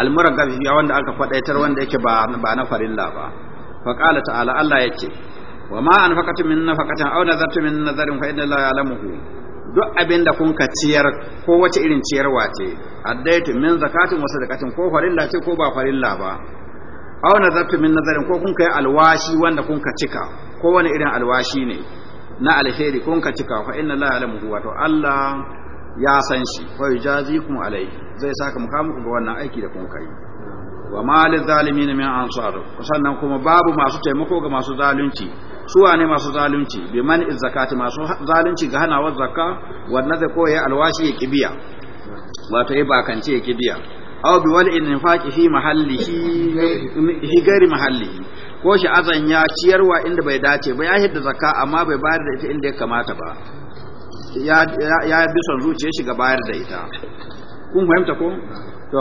almuragab shi wanda aka faɗaitar, wanda yake ba ba na farilla ba fa qala ta'ala Allah yace wa ma anfaqatu min nafaqatin aw nazartu min nazarin fa inna Allah ya'lamuhu duk abin da kun ka ciyar ko wace irin ciyarwa ce addaitu min zakatin wa sadaqatin ko farilla ce ko ba farilla ba aw nazartu min nazarin ko kun kai alwashi wanda kun ka cika ko wani irin alwashi ne na alheri kun ka cika fa inna Allah ya'lamuhu wato Allah ya san shi wa yujazikum alai zai saka muka muku ga wannan aiki da kun kai wa malil zalimin min ansar sannan kuma babu masu taimako ga masu zalunci su wane masu zalunci bi man zakati masu zalunci ga hanawar zakka wannan zai koyi alwashi ya kibiya wato ya bakance ya kibiya aw bi wal infaqi fi mahallihi fi gari mahallihi ko shi azan ya ciyarwa inda bai dace ba ya hidda zakka amma bai bayar da ita inda ya kamata ba ya bi son zuciya shi ga bayar da ita kun fahimta ko to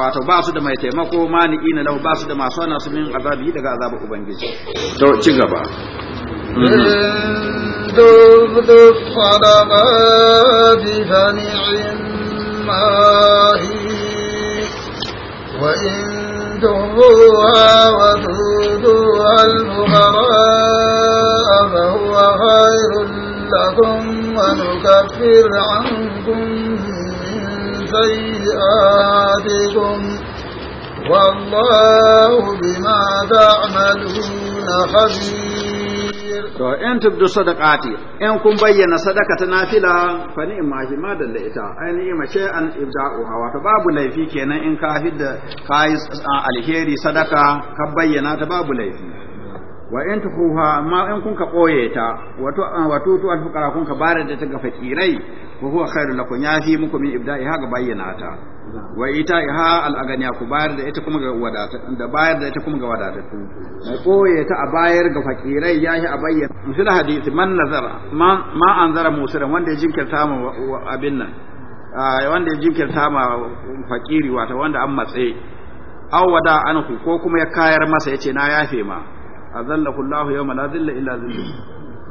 wato ba su da mai taimako mani na lahu ba su da masu ana su min azabi daga azabar ubangiji to ci gaba دبد الصدقات فنعماه فهو خير لكم ونكفر عنكم من سيئاتكم والله بما تعملون خبير to in tubdu sadaqati in kun bayyana sadaka ta nafila fa ni ma shi madan da ita ai ni ma ce an wato babu laifi kenan in ka kayi a alheri sadaka ka bayyana ta babu laifi wa in tukuha ma in kun ka koye ta wato ah, wato to alfuqara kun ka bare da ta ga fakirai ko huwa khairu lakum ya fi muku min ha ga bayyana ta wa ha al aganiya ku bayar da ita kuma ga wadata da bayar da ita kuma ga wadatattu mai koye ta a bayar ga fakirai ya yi a bayyana musul hadisi man nazara ma ma anzara musiran wanda ya jinkirta ma abin nan ah, wanda ya jinkirta ma fakiri wato wanda an matse awwada anhu ko kuma ya kayar masa yace na yafe ma azallahu Allah yawma la zilla illa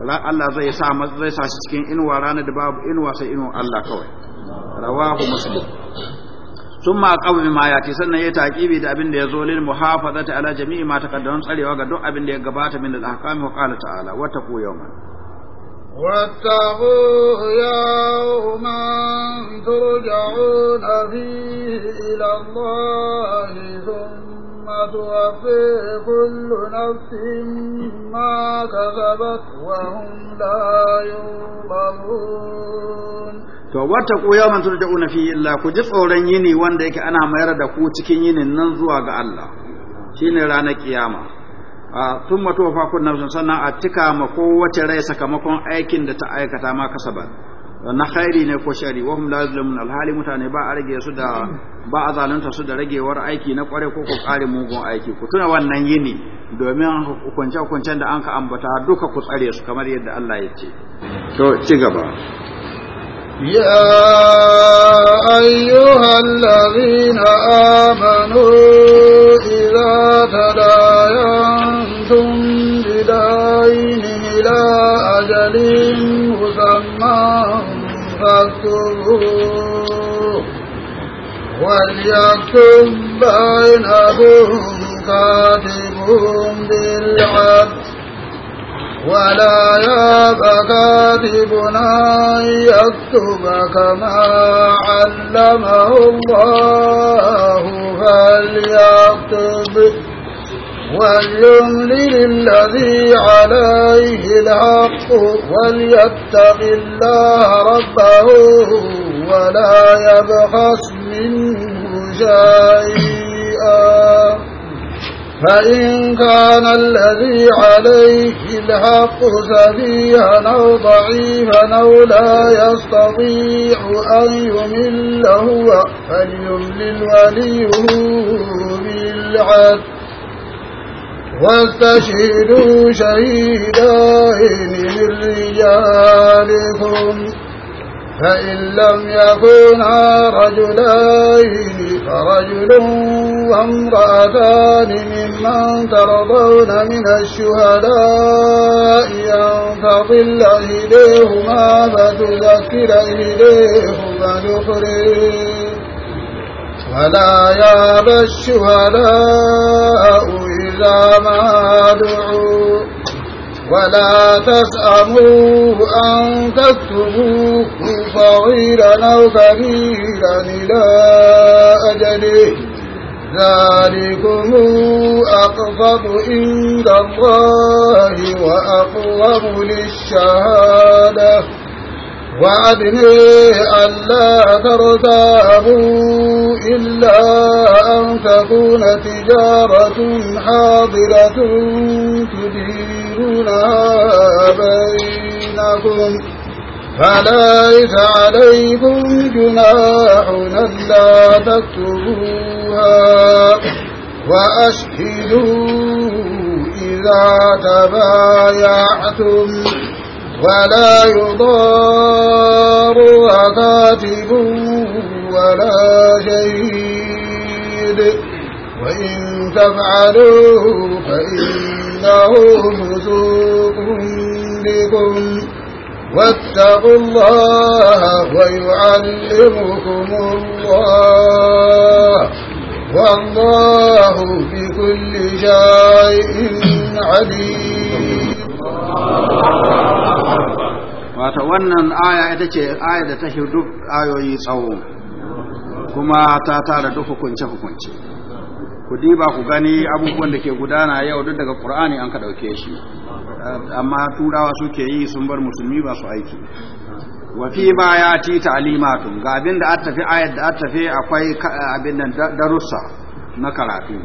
Wala Allah zai sa zai sa shi cikin inuwa rana da babu inuwa sai inuwa Allah kawai rawahu muslim thumma qawmi ma yati sannan ya taqibi da abin da yazo lil muhafazati ala jami'i ma taqaddama tsarewa ga duk abin da ya gabata min al ahkami wa qala ta'ala wa taqu yawma واتقوا يوما ترجعون فيه إلى الله ثم توفي كل نفس ما كسبت وهم لا يظلمون to wata ko yawan turja'una fi illa ku ji tsoron yini wanda yake ana mayar da ku cikin yinin nan zuwa ga Allah shine ranar kiyama a thumma tuwafa kun nan sannan a tika ma kowace rai sakamakon aikin da ta aikata ma kasabat na khairi ne ko shari wahum la yuzlamun alhali mutane ba a rage su da ba a zalunta su da ragewar aiki na kware ko ko kare mugun aiki ku tuna wannan yini domin hukunce hukuncen da anka ambata duka ku tsare su kamar yadda Allah ya ce to ci gaba ya ayyuhal ladina amanu idza tadayantum وليكن بينهم كاتب بالعدل ولا ياب كاتبنا أن يكتب كما علمه الله فليكتب وليملل لِلَّذِي عليه الحق وليتق الله ربه ولا يبخس منه شيئا فإن كان الذي عليه الحق سفيها أو ضعيفا أو لا يستطيع أن يمل هو فليملل وليه بالعدل واستشهدوا شهيدين من رجالكم فإن لم يكونا رجلين فرجل وامرأتان ممن ترضون من الشهداء أن تضل إليهما فتذكر إليهما ذكرين ولا يأبى الشهداء إذا ما دعوا ولا تسأموا أن تكتبوا صغيرا أو كبيرا إلى أجله ذلكم أقصد عند الله وأقوم للشهادة وعدني ألا ترتابوا إلا أن تكون تجارة حاضرة تديرونها بينكم فليس عليكم جناح لا تكتبوها وأشهدوا إذا تبايعتم ولا يضار عكاتب ولا شهيد وإن تفعلوه فإنه مزوق بكم واتقوا الله ويعلمكم الله والله بكل شيء عليم wata wannan aya ita ce aya da ta shi duk ayoyi tsawo kuma ta tara duk hukunce-hukunce ku diba ku gani abubuwan da ke gudana yau duk daga ƙur'ani an ka ɗauke shi amma turawa suke yi sun bar musulmi ba su aiki wafi ma ya ci alimatun ga abin da tafi ayar da tafi akwai abin da darussa na karatu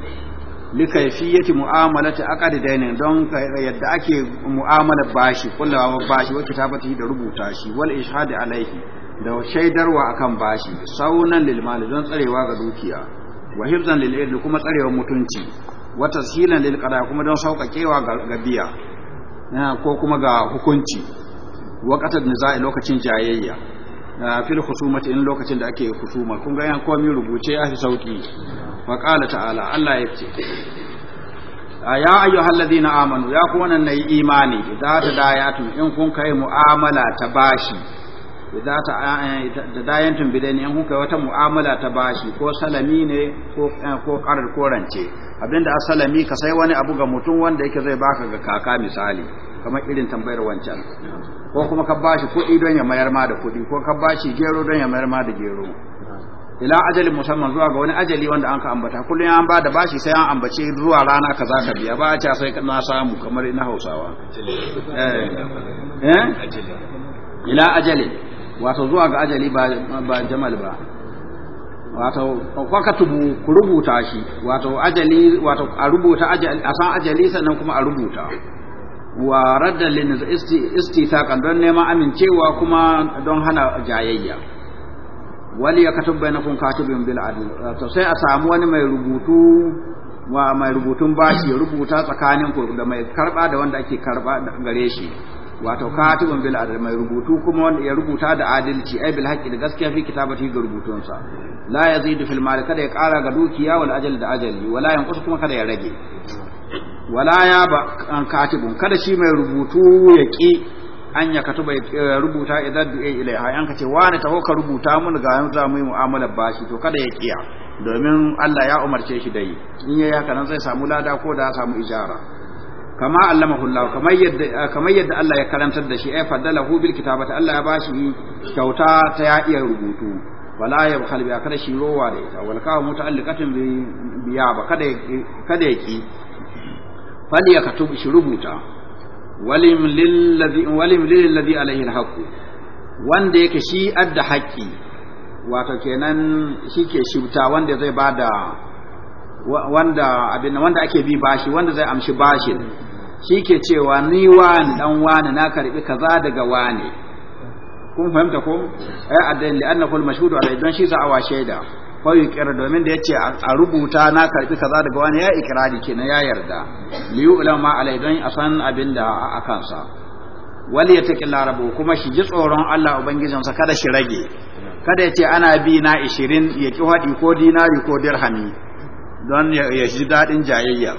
likaifiyati mu'amalati aqdi dainin don yadda ake mu'amalar bashi kullawa bashi wa kitabati da rubuta shi wal ishhad alaihi da shaidarwa akan bashi saunan lil mal don tsarewa ga dukiya wa hifzan lil ilmi kuma tsarewa mutunci wa tashilan lil qada kuma don saukakewa ga biya eh, ko kuma ga hukunci waqatan nizai lokacin jayayya fil khusumati in lokacin da ake khusuma kun ga yan komai rubuce ya fi sauki wa qala ta'ala Allah ya ce ya ayyuhal ladina amanu ya ku wannan nayi imani idza tadayatum in kun kai mu'amala ta bashi idza ta dayantum bidani in kun kai wata mu'amala ta bashi ko salami ne ko ko qarar korance abinda asalami ka sai wani abu ga mutum wanda yake zai baka ga kaka misali kamar irin tambayar wancan ko kuma ka bashi kuɗi don ya mayar ma da kuɗi ko ka bashi gero don ya mayar ma da gero ila ajalin musamman zuwa ga wani ajali wanda an ka ambata kullum an ba da bashi sai an ambace zuwa rana ka za ka biya ba a ca sai na samu kamar na hausawa eh, eh? ila ajali wato zuwa ga ajali ba jamal ba wato fakatubu ku rubuta shi wato ajali wato a rubuta ajali a san ajali sannan kuma a rubuta wa radda lin kan don neman amincewa kuma don hana jayayya wali ya katub kun katibun bil adl to sai a samu wani mai rubutu wa mai rubutun bashi ya rubuta tsakanin ku da mai karba da wanda ake karba gare shi wato katibun bil adl mai rubutu kuma wanda ya rubuta da adalci ai bil haqqi da gaskiya fi kitabati ga rubutunsa la yazidu fil mal kada ya kara ga dukiya wal ajal da ajali wala yanqus kuma kada ya rage wala ya ba an katibun kada shi mai rubutu ya ki an ya katuba eh, rubuta idan du'e ilaiha yanka ce wani taho ka rubuta mun ga yanzu za mu yi mu'amalar bashi to kada ya kiya domin Allah ya umarce shi dai. in ya yaka nan zai samu lada ko da samu ijara kama Allah Allah kamar yadda eh, kama yadda Allah ya karantar da shi ay hu bil kitabati Allah ya bashi kyauta ta ya iya rubutu wala ya bkhal a kada shi rowa da ita wal kawo muta'alliqatin bi biya ba kada kada ya ƙi. fal ya katubu shi rubuta walim lillazi alaihi alhaqu wanda yake shi adda haƙƙi wato kenan shi ke shibta wanda zai bada wanda abin wanda ake bi bashi wanda zai amshi bashin shi ke cewa ni wani dan wani na karbi kaza daga wani kun fahimta ko ai eh, addain li annahu al-mashhud alai don shi sa'awa shaida fayu kira domin da ya ce a rubuta na karbi kaza daga wani ya ikirari na ya yarda liyu ulama alai don a san abin da a kansa wali ya taƙi larabu kuma shi ji tsoron Allah Ubangijinsa kada shi rage kada ya ce ana bi na ishirin ya ƙi haɗi ko dinari ko dirhami don ya ji daɗin jayayya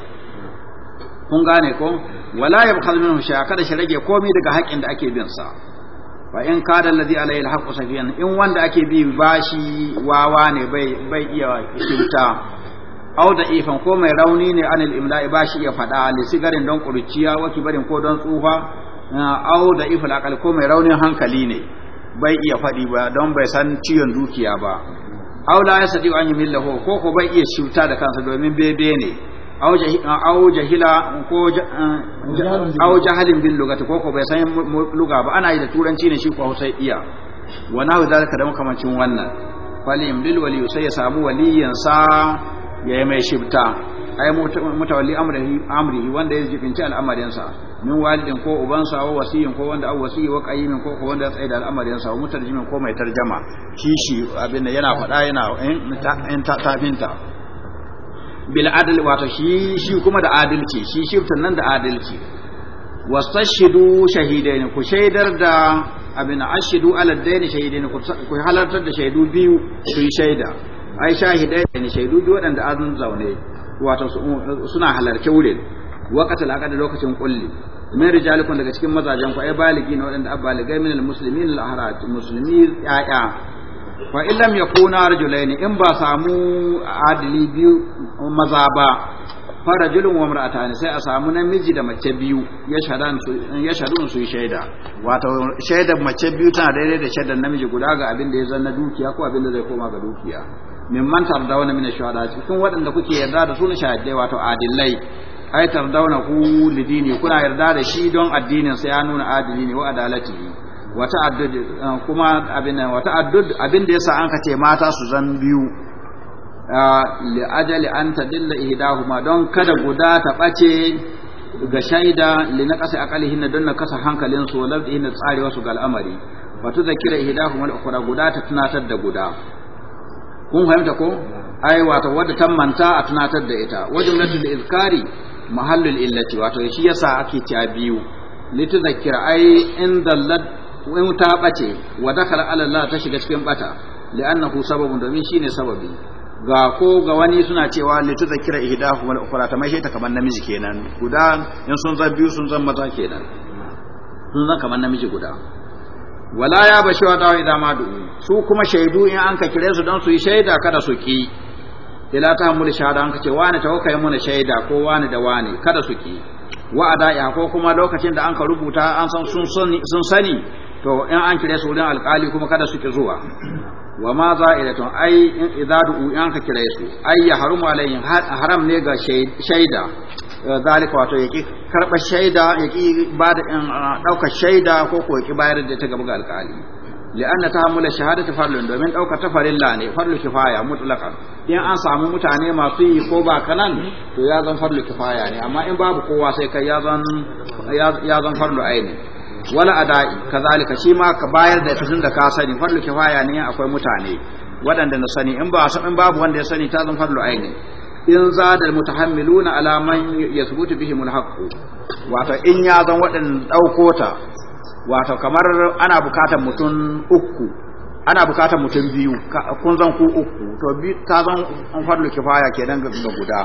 kun gane ko wala ya bukal min kada shi rage komi daga haƙƙin da ake bin sa fa in kada alladhi alayhi alhaq safiyan in wanda ake bi bashi wawa ne bai bai iya kyauta au da ifan ko mai rauni ne anil imla'i bashi iya fada li sigarin don kurciya waki barin ko don tsufa ah, au da ifal akal ko mai raunin hankali ne bai iya fadi ba don bai san ciyon dukiya ba au la yasadi an yumillahu ko ko bai iya shuta da kansa domin bebe ne aw jahila ko aw eh, jahalin bil lugati ko ko bai san luga ba ana yi da turanci ne shi ko Hausa iya wa nahu zalika da makamancin wannan falim lil wali sai ya samu waliyan sa ya yi mai shibta ai mutawalli amrihi amrihi wanda ya jibinci al'amarin sa min walidin ko uban sa wa wasiyin ko wanda aw wasiyi wa qayyimin ko wanda ya tsaida al'amarin sa wa mutarjimin ko mai tarjama shi shi abin da yana faɗa yana in eh, tafinta bil adl wato shi shi kuma da adalci shi shiftan nan da adalci wastashidu shahidain ku shaidar da abin ashidu ala dain shahidain ku halartar da shaidu biyu su yi shaida ai shahidain shaidu biyu wadanda azun zaune wato suna halarke wurin waqata laqad lokacin kulli min rijalikum daga cikin mazajen ku ai baligi ne wadanda abbaligai min almuslimin alahrat muslimi ya'ya fa illam yakuna rajulaini in ba samu adili biyu maza ba fa rajulun wa imra'atani sai a samu namiji da mace biyu ya shadan su ya shadun shaida wato shaidar mace biyu tana daidai da shaidar namiji guda ga abin da ya zanna dukiya ko abin da zai koma ga dukiya man tardawna min ash-shuhada cikin waɗanda kuke yarda da su na shahidai wato adilai ai tardawna ku lidini kuna yarda da shi don addinin sai ya nuna adili ne wa adalatihi wata addud eh, kuma abin wata addud abin da yasa an kace mata su zan biyu eh, li ajali an tadilla ihdahuma don kada guda ta bace ga shaida li naqasi aqalihin don na kasa hankalin su wala da tsari wasu ga al'amari wato zakira ihdahuma al-ukhra guda ta tunatar da guda kun fahimta ko ai wato wadda ta manta a tunatar da ita wajumlatul izkari mahallul illati wato shi yasa ake ta biyu zakira ai in in ta bace wa dakar ala ta shiga cikin bata li'annahu sababun domin shine sababi ga ko ga wani suna cewa li zakira ihdahu wal ukhra ta mai ta kamar namiji kenan guda in sun zan biyu sun zan maza kenan sun zan kamar namiji guda wala ya bashi wa dawo idan ma du'u su kuma shaidu in an ka kire su don su yi shaida kada su ki ila ta hamul shahada an ka ce wani tawakkai mana shaida ko wani da wani kada su ki wa'ada ya ko kuma lokacin da an ka rubuta an san sun sani to in an kire su wurin alkali kuma kada su ki zuwa wa ma za'ilatun ai idza du'u in ka kire su ai ya haram ne ga shaida eh, zalika wato yaki karba shaida yaki ba da daukar ah, shaida ko ko bayar da ta gaba ga alkali li'anna tahammula shahadati farlun domin daukar ta farilla ne farlu kifaya mutlaqan in an samu mutane masu yi ko ba kanan to ya zan farlu kifaya ne amma in babu kowa sai kai ya zan ya zan farlu aini wala ada'i kazalika shi ma ka bayar da tun da ka sani farlu kifaya ne akwai mutane waɗanda na sani in ba san in babu wanda ya sani ta zan farlu aini in za da mutahammiluna ala man yasbutu bihim alhaqu wato in ya zan waɗanda ɗauko ta wato kamar ana bukatar mutum uku ana bukatar mutum biyu kun zan ku uku to bi ta zan farlu kifaya kenan ga guda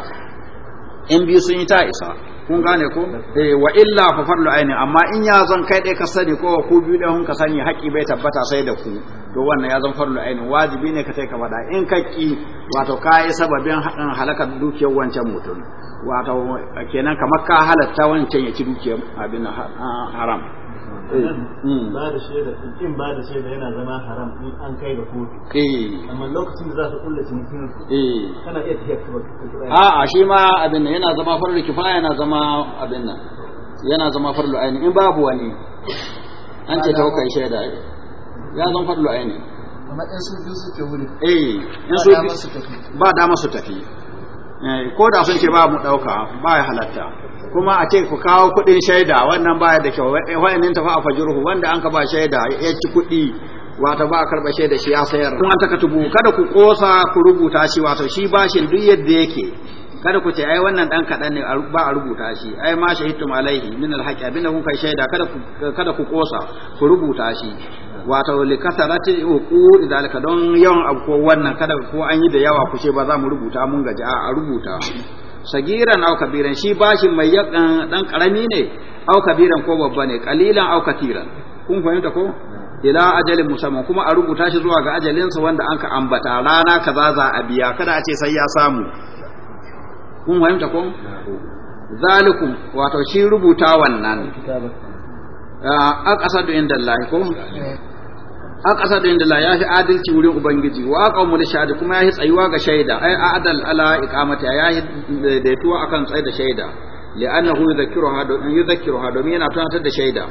in biyu sun yi ta isa kun gane ko eh wa illa fa farlu aini amma in ya zan kai dai ka sani ko ku biyu dai kun ka sani haƙi bai tabbata sai da ku to wannan ya zan farlu aini wajibi ne ka sai ka faɗa in ka ki wato kai sababin halakar dukiyar wancan mutum wato kenan kamar ka halatta wancan ya ci dukiyar abin haram Eh, hmm. da shaida in ba da shaida yana zama haram in an kai ga kotu eh. amma lokacin da za su kulle cinikin su eh. kana iya tafiya a a shi ma abin nan yana zama farlu kifaya yana zama abin nan yana zama farlu aini in babu wani an ce ta kai shaida ya zama farlu aini amma in su biyu suke wuri eh in su ba dama su tafi ko da sun ce ba mu dauka ba ya halatta kuma a ce ku kawo kuɗin shaida wannan baya da kyau wayannin tafa a fajirhu wanda an ka ba shaida ya ci kuɗi wata ba a karɓa shaida shi ya sayar Kuma an katubu kada ku ƙosa ku rubuta shi wato shi bashin duk yadda yake kada ku ce ai wannan dan kaɗan ne ba a rubuta shi ai ma shahidtum alaihi min alhaqi abinda kun kai shaida kada ku kada ku ƙosa ku rubuta shi wato li kasarati uqud idalika don yawan abko wannan kada ko an yi da yawa ku ce ba za mu rubuta mun gaji a rubuta sagiran au kabiran shi bashin mai dan karami ne au kabiran ko babba ne qalilan au katiran kun fahimta ko ila ajalin musamman kuma a rubuta shi zuwa ga ajalinsa wanda an ka ambata rana kaza za a biya kada a ce sai ya samu kun fahimta ko zalikum wato shi rubuta wannan a ƙasar da inda Allah ko eh. an ƙasa da ya fi adalci wurin ubangiji wa mu li shahada kuma ya fi tsayuwa ga shaida ai adal ala iqamati ya fi daidaituwa akan tsaye da shaida li'annahu yi domin yudhakkiruha mi yana tunatar da shaida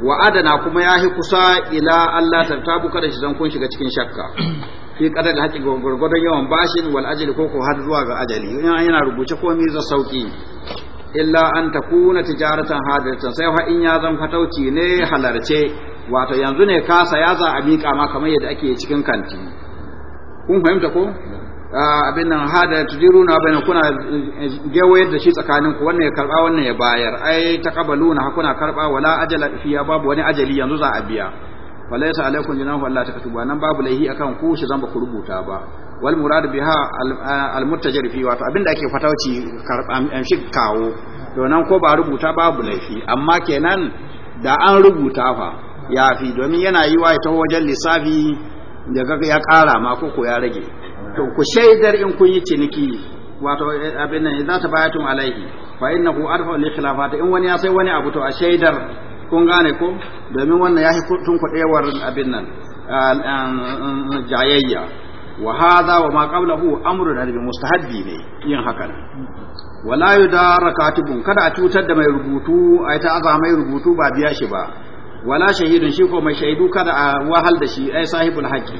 wa adana kuma ya fi kusa ila Allah ta tartabu kada shi zan kun shiga cikin shakka fi kada da haƙi gwargwadon yawan bashin wal ajali ko ko har zuwa ga ajali in yana rubuce komai zai sauki illa an takuna tijaratan hadiratan sai fa in ya zan fatauci ne halarce wato yanzu ne kasa ya za a miƙa ma kamar yadda ake cikin kanti kun fahimta ko ah, abin nan hada na bayan kuna eh, gewaye da shi tsakanin ku wannan ya karba wannan ya bayar ai na kuna karba wala ajala ya babu wani ajali yanzu za a biya walaysa alaykum jinahu Allah ta katuba nan babu laihi akan ku shi zan ba ku rubuta ba wal murad biha al eh, mutajir fi wato abinda ake fatauci karba eh, shi kawo to nan ko ba rubuta babu laifi amma kenan da an rubuta fa ya fi domin yana yi wa ta wajen lissafi da ya kara ma ko ya rage to ku shaidar in kun yi ciniki wato eh, abin nan idan ta bayatun alaihi fa innahu arfa li khilafati in wani ya sai wani abu to a shaidar kun gane ko domin wannan ya tun kuɗewar abin nan jayayya wa hadha wa ma qablahu amrun harbi mustahabbi ne yin hakan wala yudara katibun kada a cutar da mai rubutu ai ta azama mai rubutu ba biya shi ba wala shahidun shi ko mai shaidu kada a wahal da shi ai sahibul haqqi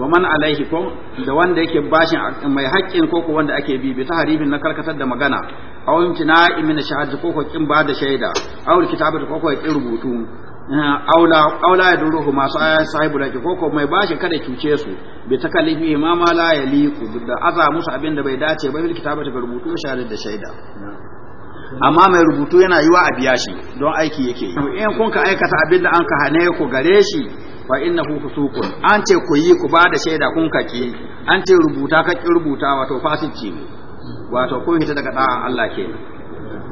wa man alayhi ko da wanda yake bashin mai haƙƙin ko ko wanda ake bi bi harifin na karkatar da magana aw imtina imina shahad ko ko kin ba da shaida aw kitabu ko ko kin rubutu eh, aula aula yaduruhu masu sahibul haqqi ko ko mai bashin kada cuce su bi takallifi ma ma la yaliqu da aza musu abin da bai dace ba bil kitabu ga rubutu shahid da shaida amma mai rubutu yana yiwa a biya shi don aiki yake yi in kun ka aikata abin da an ka hane ku gare shi fa ku fusukun an ce ku yi ku bada shaida kun ka ki an ce rubuta ka ki rubuta wato fasici ne wato kun hita daga da'a Allah ke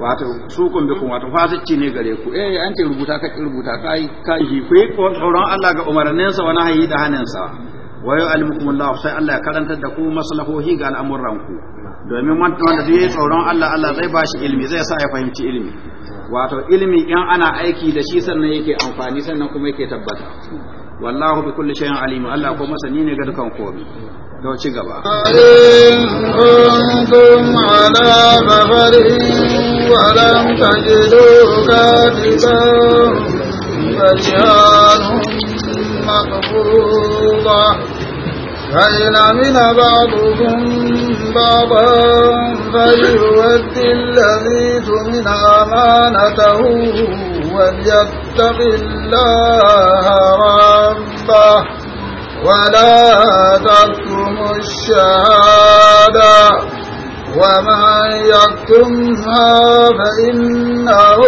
wato sukun kun wato fasici ne gare ku eh an ce rubuta ka ki rubuta kai kai ku yi tsoron Allah ga umarninsa wani hayi da haninsa wa yu'allimukum sai Allah ya karantar da ku maslahohi ga ku? domin wanda duk yi tsoron Allah Allah zai ba shi ilimi zai sa ya fahimci ilimi wato ilmi in ana aiki da shi sannan yake amfani sannan kuma yake tabbata wallahu bi kulli shay'in alim Allah ko masani ne ga dukan komai da ci gaba kuntum ala فإن أمن بعضكم بعضا فليؤدي الذي تمن أمانته وليتق الله ربه ولا تكتم الشهادة ومن يكتمها فإنه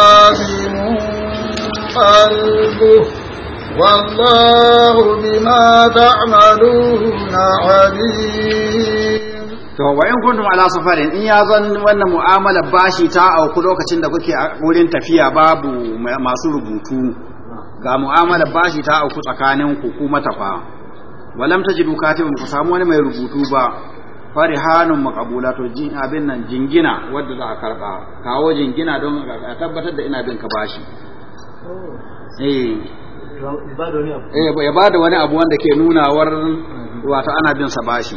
آثم قلبه والله بما تعملون عليم to wa in kuntum ala safarin in ya zan wannan mu'amala bashi ta auku lokacin da kuke wurin tafiya babu masu rubutu ga mu'amala bashi ta auku tsakanin ku kuma tafa walam tajidu katibun ku samu wani mai rubutu ba farihanun maqabula to jin abin nan jingina wanda za a karba kawo jingina don a tabbatar da ina bin ka bashi eh Eh, ya ba da wani abu wanda ke nunawar wato ana bin sa bashi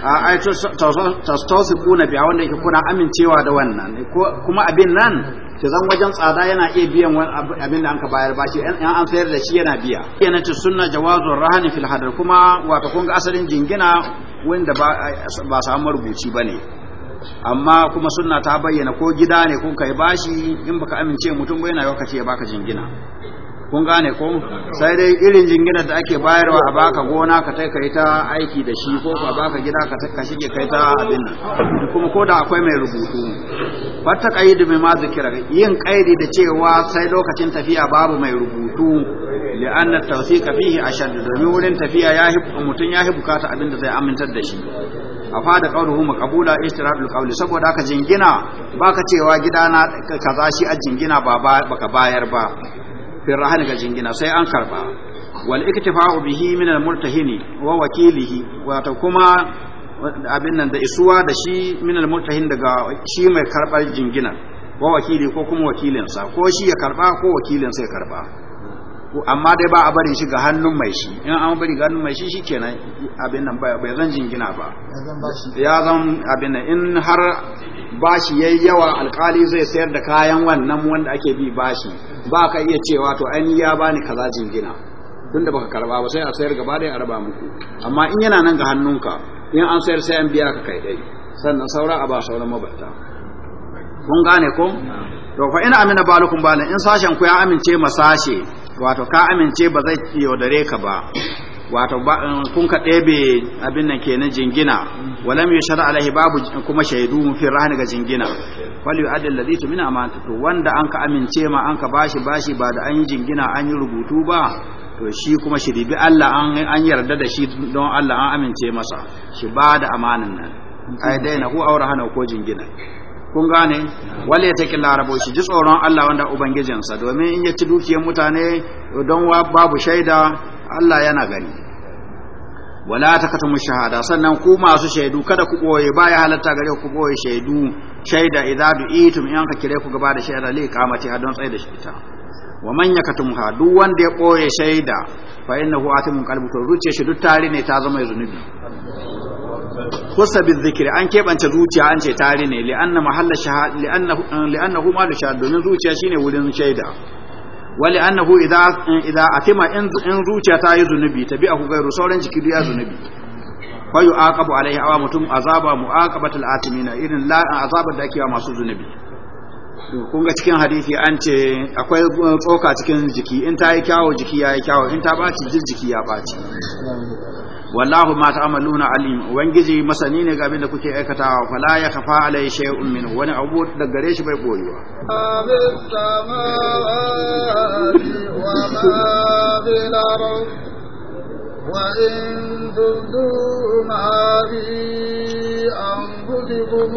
a ai kuna biya wanda yake kuna amincewa da wannan kuma abin nan ta zan wajen tsada yana iya biyan abin da anka bayar bashi yan an sayar da shi yana biya yana ci sunna jawazur rahani fil hadar kuma wato kun ga asalin jingina wanda ba samu rubuci ne amma kuma sunna ta bayyana ko gida ne kun kai bashi in baka amince mutum ba yana yau ka ce baka jingina kun gane ko sai dai irin jinginar da ake bayarwa a baka gona ka tai kai ta aiki da shi ko ka baka gida ka ka shige kai ta abin nan kuma ko da akwai mai rubutu wata kaidi mai mazikira yin qaidi da cewa sai lokacin tafiya babu mai rubutu li'anna tawsiqa fihi ashad domin wurin tafiya ya mutun ya bukata abin da zai amintar da shi a fada qawluhu maqbula istirabul qawl saboda ka jingina baka cewa gidana kaza shi a jingina ba baka bayar ba firrahan ga jingina sai an karba wal iktifa'u bihi min al murtahini wa wakilihi wato kuma abin nan da isuwa da shi min al murtahin daga shi mai karbar jingina wa wakili ko kuma wakilinsa ko shi ya karba ko wakilinsa ya karba amma dai ba a bari shi ga hannun mai shi in an bari ga hannun mai shi shikenan abin nan bai zan jingina ba ya zan abin nan in har bashi yayi yawa alkali zai sayar da kayan wannan wanda ake bi bashi ba ka iya cewa to ainihi ya bani kaza jingina tunda baka karba ba sai a sayar gaba ɗaya a raba muku amma in yana nan ga hannunka in an sayar sai an biya ka kai dai sannan saura a ba sauran mabata kun gane ko to fa ina amina balukum balan in sashen ku ya amince masashe wato ka amince ba zai yaudare ka ba wato eh, kun ka ɗebe abin nan kenan jingina walam yushar alaihi babu kuma shaidu fi rahani ga jingina wal yu'addi alladhi tumina amanta to wanda an ka amince ma an ka bashi bashi ba da an yi jingina an yi rubutu ba to shi kuma shi ribi Allah an yarda da shi don Allah an amince masa shi ba da amanan nan ai dai na ku aure hana ko jingina kun gane wale ta kila rabo shi ji tsoron Allah wanda ubangijinsa domin in ya ci dukiyar mutane don babu shaida Allah yana gani wala mu shahada sannan ku masu shaidu kada ku boye baya halatta gare ku boye shaidu shaida idza du'itum in ka kire ku gaba da shaida li kamati hadon tsaye da shaita wa man yakatumha duk wanda ya boye shaida fa innahu atimun qalbu to ruce shi duk tare ne ta zama zunubi kusa zikri an kebance zuciya an ce tare ne li anna mahalla shahada li anna eh, li shahada domin zuciya shine wurin shaida wali annahu idza idza atima in zuciya ta yi zunubi tabi'ahu gairu sauran jiki duk ya zunubi fa aqabu alaihi awa mutum azaba mu'aqabatul atimina irin la azabar da ake wa masu zunubi kun ga cikin hadisi an ce akwai tsoka cikin jiki in ta yi kyawo jiki ya yi kyawo in ta ɓaci jiki ya baci. wallahu ma ta'maluna alim ubangiji masani ne ga abin da kuke aikatawa fala ya khafa alai shay'un min wani abu da gare shi bai boyuwa amin samawati wa ma bil وإن تبدوا ما في أنفسكم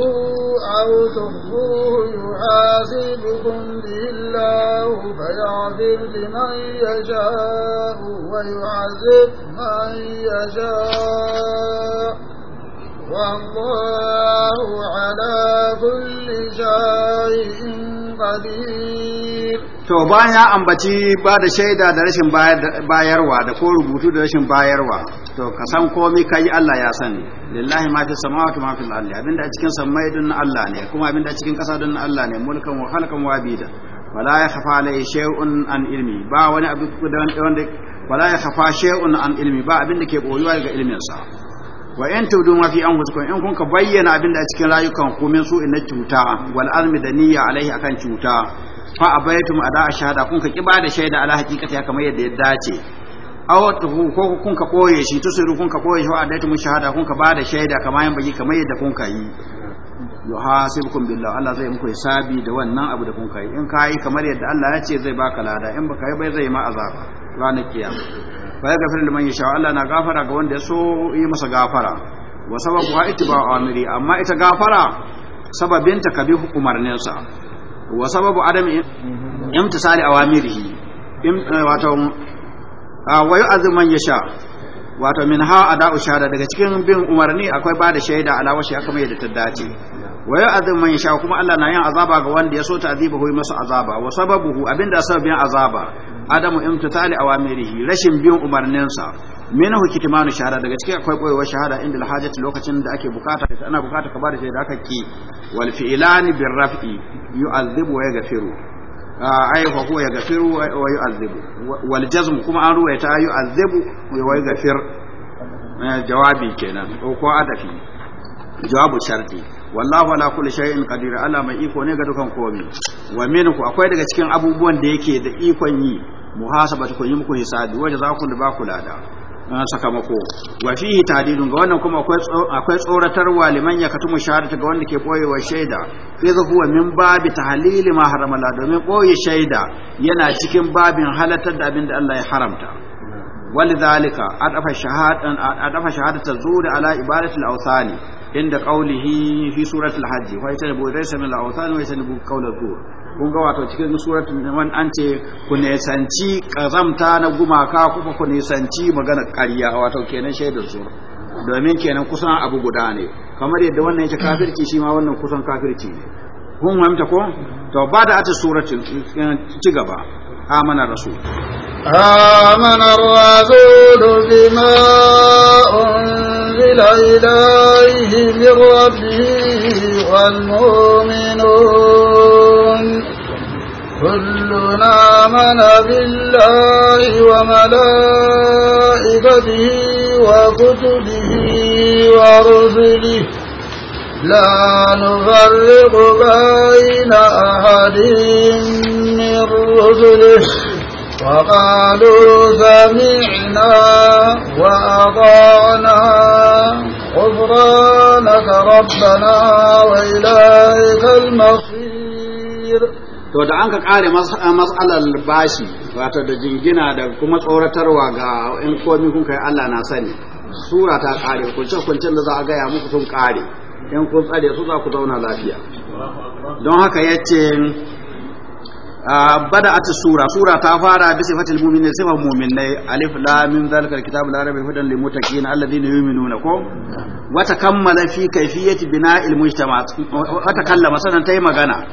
أو تخفوه يحاسبكم به الله فيغفر لمن يشاء ويعذب من يشاء والله على كل شيء قدير to bayan ya ambaci ba da shaida da rashin bayarwa da ko rubutu da rashin bayarwa to ka san komai yi Allah ya sani lillahi ma fi samawati ma fi al-ardi abinda a cikin samai dun Allah ne kuma abinda a cikin kasa dun Allah ne mulkan wa halkan wa bida wala ya khafa alai shay'un an ilmi ba wani abu wanda wala ya khafa shay'un an ilmi ba abinda ke boyuwa ga ilmin sa wa in tudu ma fi anfusikum in kun ka bayyana abin da a cikin rayukan ku min su inna cuta wal azmi da niyya alaihi akan cuta fa abaitum ada shahada kun ka kiba da shaida ala haqiqati kamar yadda ya dace aw tuhu ko kun ka koye shi sai kun ka koye shi wa adaitum shahada kun ka ba da shaida kamar yan baki kamar yadda kun ka yi yuhasibukum billah Allah zai muku hisabi da wannan abu da kun yi in yi kamar yadda Allah ya ce zai baka lada in baka yi bai zai ma azaba ranar kiyama fa ya gafara liman yasha Allah na gafara ga wanda ya so yi masa gafara wa sababu ha ittiba'u amri amma ita gafara sababin ta kabi hukumarnin sa wa sababu adam imtisali awamirihi eh, wato ah, wa yu'azzu man yasha wato min ha da'u shahada daga cikin bin umarni akwai ba da shaida ala washi aka mai da ta dace wa ya'dhim man kuma Allah na yin azaba ga wanda ya so hoyi masa azaba wa sababuhu abinda sababin azaba adamu in tali awamirihi rashin bin umarninsa minhu kitmanu shahada daga cikin akwai koyewar shahada inda alhajat lokacin da ake bukata ana bukata ka ba da shaida ka ki wal fi'lani rafi yu'adhibu wa yaghfiru ai fa huwa yaghfiru wa yu'azzibu wal jazm kuma an ruwaya ta yu'azzibu wa yaghfir jawabi kenan ko adafi jawabu sharti wallahu ala kulli shay'in qadir ala mai iko ne ga dukan komai wa ku akwai daga cikin abubuwan da yake da ikon yi muhasabatu ko yi muku hisabi za ku da ba ku lada sakamako wa fihi tahdidun ga wannan kuma akwai tsoratarwa liman shahadata ga wanda ke boyewa shaida fi huwa min babi tahlili ma harama la domin boye shaida yana cikin babin halatar da abinda Allah ya haramta walidhalika adafa shahadan adafa shahadata zuri ala ibadatil awthani inda qawlihi fi suratil hajj wa yatanabu min al-awthani wa yatanabu zuri kun ga wato cikin suratul man an ce ku nisanci kazamta na gumaka kuma ku nisanci magana ƙarya wato kenan shaidar su domin kenan kusan abu guda ne kamar yadda wannan yake kafirci shi ma wannan kusan kafirci ne kun mamta ko to ba da ata suratul eh, ci gaba amana rasul آمن الرسول بما أنزل إليه من ربه والمؤمنون كلنا آمن بالله وملائكته وكتبه ورسله لا نفرق بين أحد من رسله وقالوا سمعنا وأطعنا غفرانك ربنا وإليك المصير kabir to da an ka kare matsalar bashi wato da jingina da kuma tsoratarwa ga in komi kun kai Allah na sani sura ta kare kunce kunce da za a gaya muku sun kare in kun tsare su za ku zauna lafiya don haka yace bada ati sura sura ta fara bi sifatil mu'minin sifatil mu'minai alif lam min zalika alkitabu la raiba fihi lil muttaqin alladhina yu'minuna ko wata kammala fi kayfiyati bina'il mujtama'at wata kallama sanan tayi magana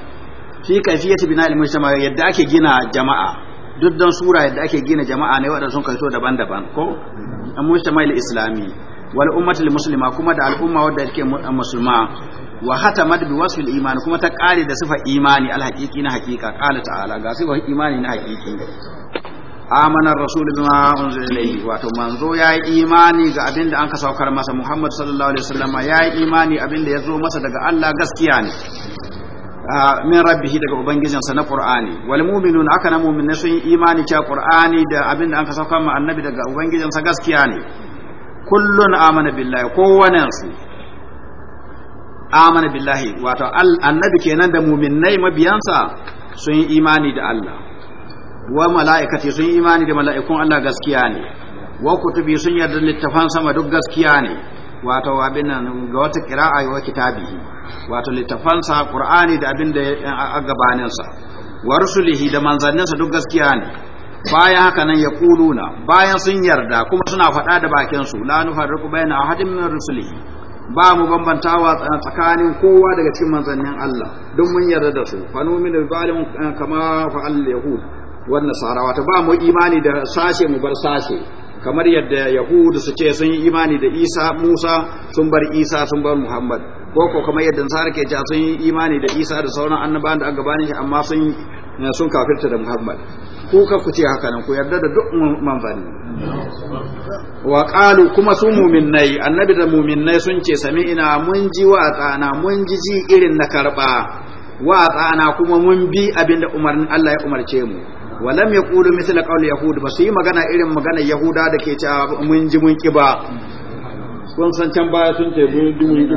fi kaifiyat bina al-mujtama yadda ake gina jama'a duk dan sura yadda ake gina jama'a ne wadanda sun kaito daban-daban ko al-mujtama al-islami wal ummat al-muslima kuma da al'umma wadda take musulma wa hatamat bi wasf al-iman kuma ta kare da sifar imani al-haqiqi na haqiqa qala ta'ala ga sifar imani na haqiqi amana rasul bima unzila ilayhi wato manzo ya yi imani ga abin da an ka saukar masa muhammad sallallahu alaihi wasallam ya yi imani abin da ya zo masa daga Allah gaskiya ne min rabbihi daga ubangijinsa na qur'ani wal mu'minun aka na mu'minai sun imani cewa qur'ani da abin da an ka sauka ma annabi daga ubangijinsa gaskiya ne kullun amana billahi wani su amana billahi wato annabi kenan da mu'minnai mabiyansa sun yi imani da Allah wa mala'ikati sun yi imani da mala'ikun Allah gaskiya ne wa kutubi sun yarda littafan sama duk gaskiya ne wato abin nan ga wata qira'a wa kitabihi wato littafansa qur'ani da abin da a gabanin sa wa rusulihi da manzanninsa duk gaskiya ne bayan haka nan ya kuluna bayan sun yarda kuma suna faɗa da bakin su la nufarriqu baina ahadin min rusulihi ba mu bambantawa tsakanin kowa daga cikin manzannin Allah don mun yarda da su fa nu'minu bi ba'dihim eh, kama fa'al yahud wan nasara wato ba mu imani da sashe mu bar sashe kamar yadda yahudu su ce sun yi imani da isa musa sun bar isa sun bar muhammad ko ko kamar yadda nasara ke cewa sun yi imani da isa da sauran annabawan da an gabanin shi amma sun eh, sun kafirta da muhammad ku ka ku ce haka nan ku yarda da duk manzanni wa qalu kuma su mu'minnai annabi da mu'minnai sun ce sami'ina mun ji wa tsana mun ji ji irin na karba wa tsana kuma mun bi abinda umarnin Allah ya umarce mu walam yaqulu misla qawl yahud ba su yi magana irin magana yahuda da ke ta mun ji mun ba kun san can baya sun ce mun ji mun ki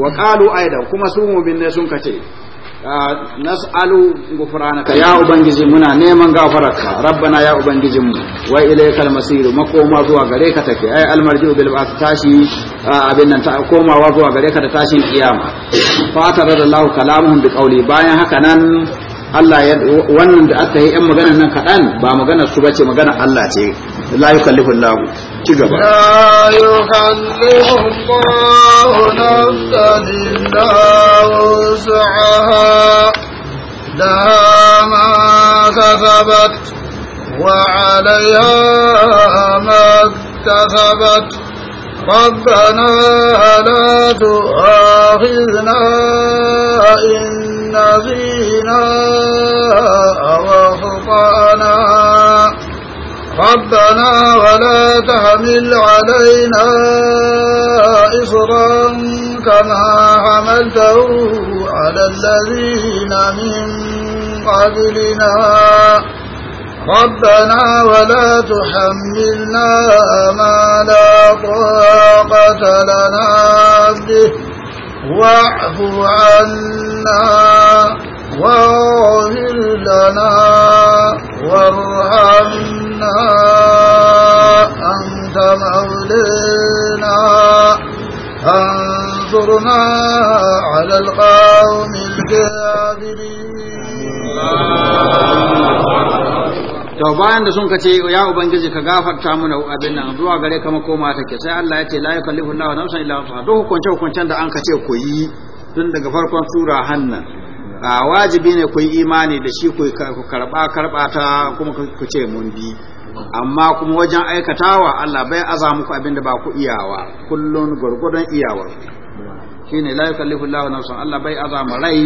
wa qalu aidan kuma su mu ne sun kace nas'alu ghufranaka ya ubangiji muna neman gafararka rabbana ya mu wa ilaykal masir makoma zuwa gare ka take ai almarji'u bil ba'th tashi abin nan ta komawa zuwa gare ka da tashin kiyama fa taradallahu kalamuhum bi qawli bayan haka nan Allah ya wannan da aka yi yan magana nan kaɗan ba magana su ce magana Allah ce la yukallifu Allah ci gaba la yukallifu Allah nafsan illa wus'aha da ma kasabat wa 'alayha ma kasabat ربنا لا تؤاخذنا إن نبينا وخطانا ربنا ولا تحمل علينا إصرا كما حملته على الذين من قبلنا ربنا ولا تحملنا ما لا طاقة لنا به واعف عنا واغفر لنا وارحمنا أنت مولينا انصرنا على القوم الكافرين to bayan da sun kace ya ubangiji ka gafarta mana abin nan zuwa gare ka makoma take sai Allah ya ce la yakallifu Allahu nafsan illa wus'aha duk hukunce hukuncen da an kace ku yi tun daga farkon sura hannan a wajibi ne ku yi imani da shi ku karba karba ta kuma ku ce mun bi amma kuma wajen aikatawa Allah bai aza muku abin da ba ku iyawa kullun gurgudun iyawa shine la yakallifu Allahu nafsan Allah bai aza rai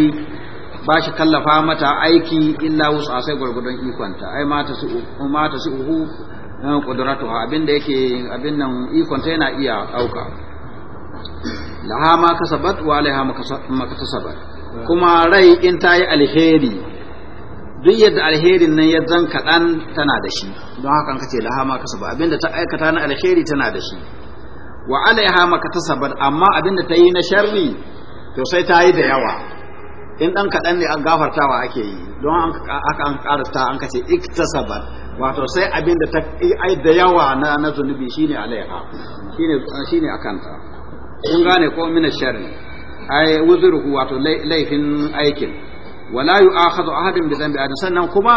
ba shi kallafa mata aiki illa wasu sai gurgudun ikonta ai mata su mata su uhu eh, qudratuha abinda yake abin nan ikonta yana iya dauka laha ma kasabat wa alaiha ma kasabat kuma rai in ta yi alheri duk yadda alherin nan ya zan kaɗan tana da shi don haka kace laha ma kasaba abinda ta aikata na alheri tana da shi wa alaiha ma kasabat amma abinda ta yi na sharri to sai ta yi da yawa in dan kaɗan ne an gafartawa ake yi don aka an karasta an kace iktasabat wato sai abin da ta ai da yawa na na zunubi shine alaiha shine shine ta kun gane ko min sharri ai wuzuruhu wato laifin aikin wala yu'akhadhu ahadun bi dhanbi adam sannan kuma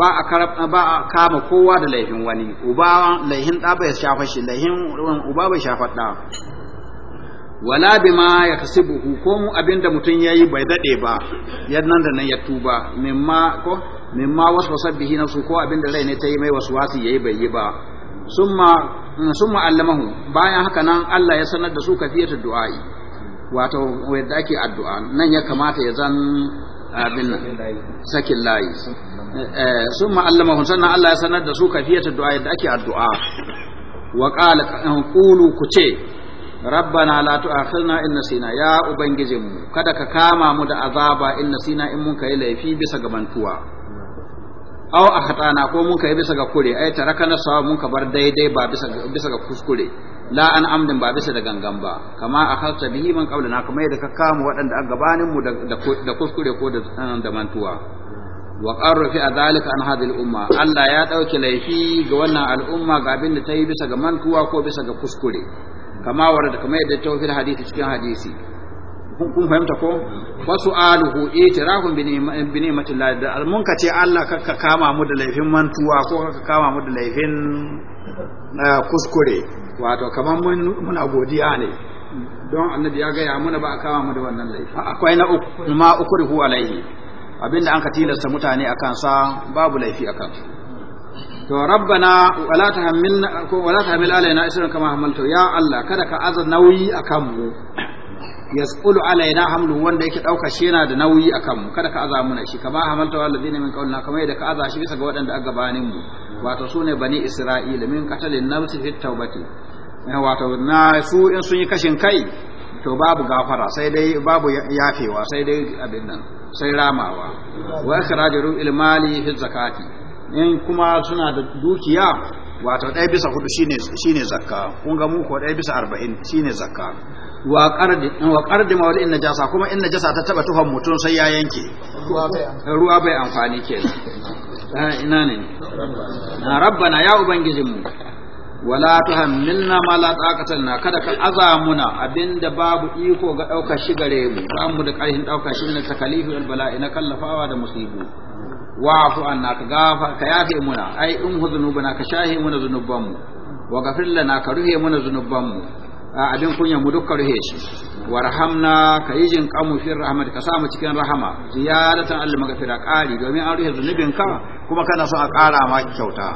ba a ba a kama kowa da laifin wani uba laifin da bai shafa shi laifin uba bai shafa da wala bima ya kasibu hukumu abinda mutum yayi bai dade ba yannan da nan ya tuba mimma ko mimma sabbihi na su ko abinda rai ne ta yi mai ya yayi bai yi ba summa mm, summa allamahu bayan haka nan Allah ya sanar da su kafiyatu du'a'i wato yadda ake addu'a nan ya kamata ya zan abin sakin layi eh, summa allamahu sannan Allah ya sanar da su kafiyatu du'a yadda ake addu'a wa qala eh, qulu ku ce rabbana la tu'akhirna in nasina ya mu. kada ka kama mu da azaba in nasina in mun kai laifi bisa ga mantuwa aw akhatana ko mun kai bisa ga kure ai na sawa mun ka bar daidai ba bisa bisa ga kuskure la an amdin ba bisa da gangan ba kama akhalta bihi man na kuma yadda ka kama waɗanda a gabanin mu da kuskure ko da eh, mantuwa wa a zalika an hadhihi al-umma Allah ya ɗauki laifi ga wannan al'umma ga abin da ta yi bisa ga mantuwa ko bisa ga kuskure kama warada kama yadda ta fil hadisi cikin hadisi kun fahimta ko wasu aluhu itirafun bi ni'matillah da almunka ce Allah ka kama mu da laifin mantuwa ko ka kama mu da laifin eh, kuskure wato kamar muna godiya ne don annabi ya gaya muna ba a kama mu da wannan laifi akwai na uku ma ukrihu alaihi abinda an ka tilasta mutane akan sa babu laifi akan su to rabbana wala tahammilna ko wala tahmil alaina isran kama hamalta ya Allah kada ka aza nauyi akan mu yasqulu alaina hamlu wanda yake dauka shi yana da nauyi akan mu kada ka aza muna shi kama hamalta alladhina min qaulina kama yadda ka aza shi bisa ga waɗanda aka gabanin mu wato sune bani isra'ila min qatalin nafsi fit tawbati eh, wato na su in sun yi kashin kai to babu gafara sai dai babu yafewa sai dai abin nan sai ramawa wa ikhrajul ilmali fi zakati in kuma suna da dukiya wato ɗaya bisa hudu ne zakka kun ga mu ɗaya bisa arba'in shi ne zakka wa qardi ma qardi mawali in najasa kuma in najasa ta taɓa tuhon mutum sai ya yanke ruwa bai amfani kenan eh, ina ne na rabbana ya ubangijinmu wala tuhammilna ma la taqata na kada ka azamuna abinda babu iko ga ɗaukar shi gare mu mu da ƙarfin ɗaukar shi ne ta wal bala'i na kallafawa da musibu wa'fu anna ka gafa ka yafe muna ai in na ka shahi muna mu wa gafir lana ka ruhe muna a abin kunya mu duka ruhe shi warhamna ka yi kamu fi rahmat ka samu cikin rahama ziyaratan al maghfira qari domin an ruhe zunubin ka kuma kana so a kara ma kyauta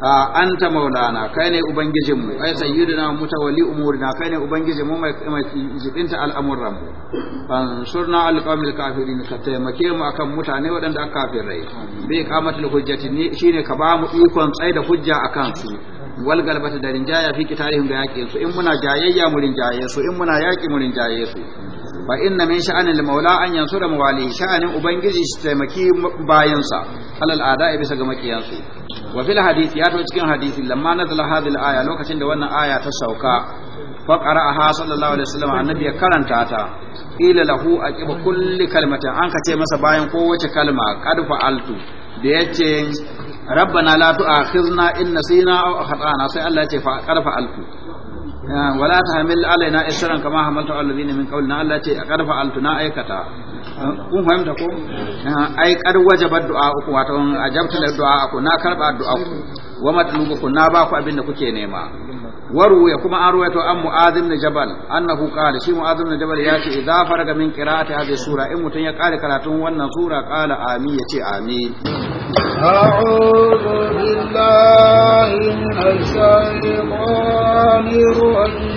A anta maulana kai ne ubangijinmu ai sayyidina mutawalli umurina kai ne ubangijinmu mai jibinta al'amuran mu surna alqamil kafirin ka taimake mu akan mutane waɗanda aka kafirai bi kamatul hujjati ne shine ka ba mu ikon tsai da hujja akan su wal galbata da rinjaya fi kitarihim da yaƙin su in muna jayayya mu rinjaye su in muna yaƙi mu rinjaye su fa inna min sha'anil maula an yansura mawali sha'anin ubangiji shi taimaki bayansa alal ada'i bisa ga makiyansu wa fil hadisi ya to cikin hadisi lamma nazala hadhihi al-aya lokacin da wannan aya ta sauka fa qara'aha sallallahu alaihi wasallam annabi ya karanta ta ila lahu aqiba kulli kalmatin an ka ce masa bayan kowace kalma qad fa'altu da yace rabbana la tu'akhizna in nasina aw akhtana sai Allah ya ce fa qad fa'altu wala tahmil alaina isran kama hamaltu alladhina min qawlina Allah ya ce qad fa'altu na aikata kun fahimta ko eh, ai waje wajaba du'a uku, wato ajabta da du'a ku na karba du'a ku wa matlubu ku na ba ku abin da kuke nema waru ya kuma an ruwaito an mu'azim na jabal annahu qala shi mu'azim na jabal ya ce idza faraga min qira'ati hadhihi sura in mutun ya kare karatun wannan sura qala amin ya ce amin a'udhu billahi minash shaitanir rajim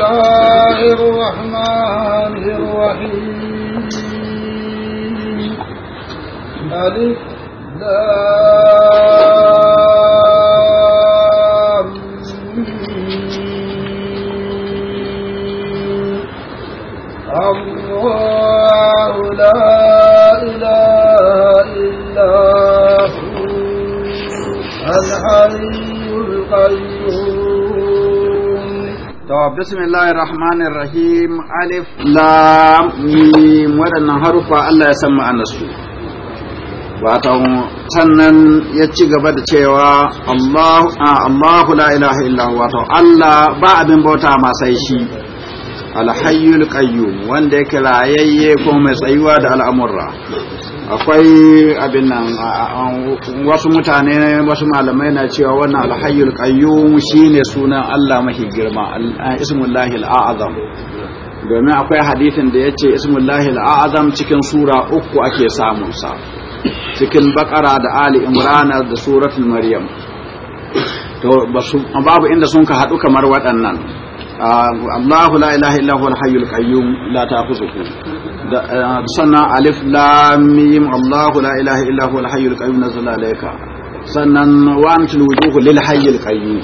الله الرحمن الرحيم ألف To, bismillahir rahmanir rahim alif lam mim waɗannan harufa Allah ya san ma'anarsu. Wato, sannan ya ci gaba da cewa Allahu la ilaha illahu wato Allah ba abin bauta ma sai shi. Alhayyul qayyum wanda yake rayayye ko mai tsayuwa da al'amurra. akwai abin nan wasu mutane wasu malamai na cewa wannan alhayyul qayyum shine sunan Allah mahi girma ismullahil a'azam domin akwai hadithin da yace ismullahil a'azam cikin sura uku ake samun sa cikin bakara da ali imran da suratul maryam to babu inda sun ka hadu kamar waɗannan Allahu la ilaha illa huwal qayyum la ta'khudhuhu sannan alif lamim Allahu la ilaha illa huwa al-hayyul qayyum nazzala alayka sannan wa antul wujuhu lil hayyil qayyum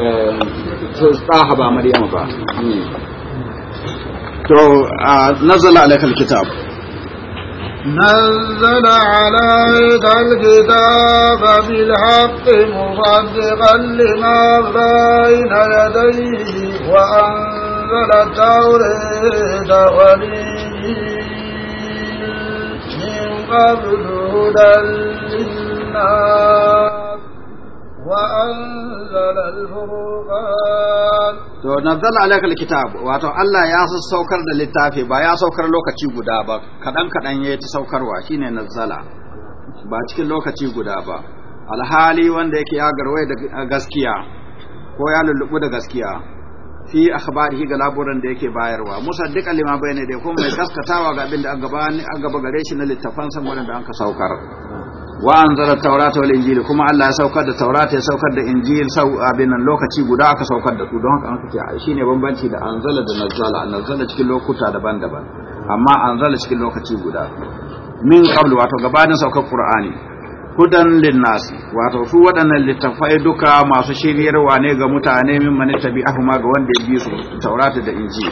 eh to tsaha ba maryama ba to nazzala alayka al-kitab نزل عليك الكتاب بالحق مصدقا لما بين يديه وأنت أنزل التوريد to nazzala alaƙa alkitab wato Allah ya saukar da littafi ba ya saukar lokaci guda ba kadan kadan yayi ta saukarwa shine nazala ba cikin lokaci guda ba alhali wanda yake ya garwaye da gaskiya ko ya lullubu da gaskiya fi akhbarihi ga laburan da yake bayarwa musa duk alima bai ne da kuma mai gaskatawa ga abin da an gaba an gaba gare shi na littafan san wannan da an ka saukar wa anzala tawrata wal injil kuma Allah ya saukar da tawrata ya saukar da injil sau abin nan lokaci guda aka saukar da su don haka an kace shine bambanci da anzala da nazzala nazzala cikin lokuta daban-daban amma anzala cikin lokaci guda min qablu wato gabanin saukar qur'ani hudan linnasi wato su waɗannan littafai duka masu shiryarwa ne ga mutane min mani ahuma ga wanda ya bi su taurata da inji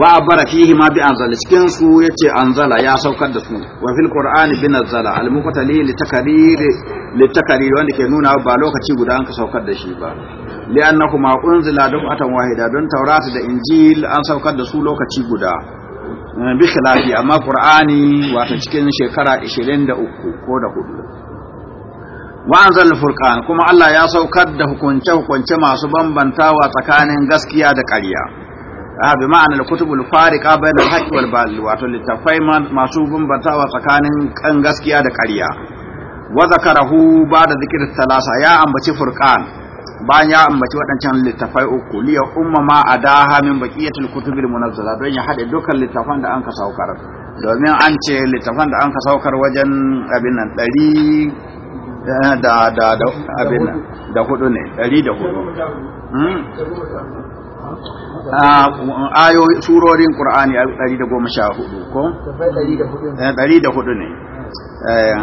wa abara fihi ma bi anzala cikin su yace anzala ya saukar da su wa fil qur'ani bi nazala al muqtali li takrir li takrir wanda ke nuna ba lokaci guda an ka saukar da shi ba li annahuma unzila duk atan wahida don taurata da injil an saukar da su lokaci guda Eh, bi khilafi amma qur'ani wato cikin shekara 23 ko da hudu wa anzal furqan kuma Allah ya saukar da hukunce hukunce masu bambantawa tsakanin gaskiya da ƙarya ah bi ma'ana al-kutubul fariqa bayna al-haqqi wal batil wato littafai masu bambantawa tsakanin kan gaskiya da ƙarya wa zakarahu ba da zikir talasa ya ambaci furqan bayan ya ambaci waɗancan littafai uku liya umma ma a daha min baqiyatul kutubil munazzala don ya haɗe dukkan littafan da an ka saukar domin an ce littafan da an ka saukar wajen abin nan ɗari eh, da da da abin nan da hudu ne ɗari da hudu hmm? ah, ayoyi surorin qur'ani ɗari da goma sha hudu ko eh, ɗari da hudu ne eh,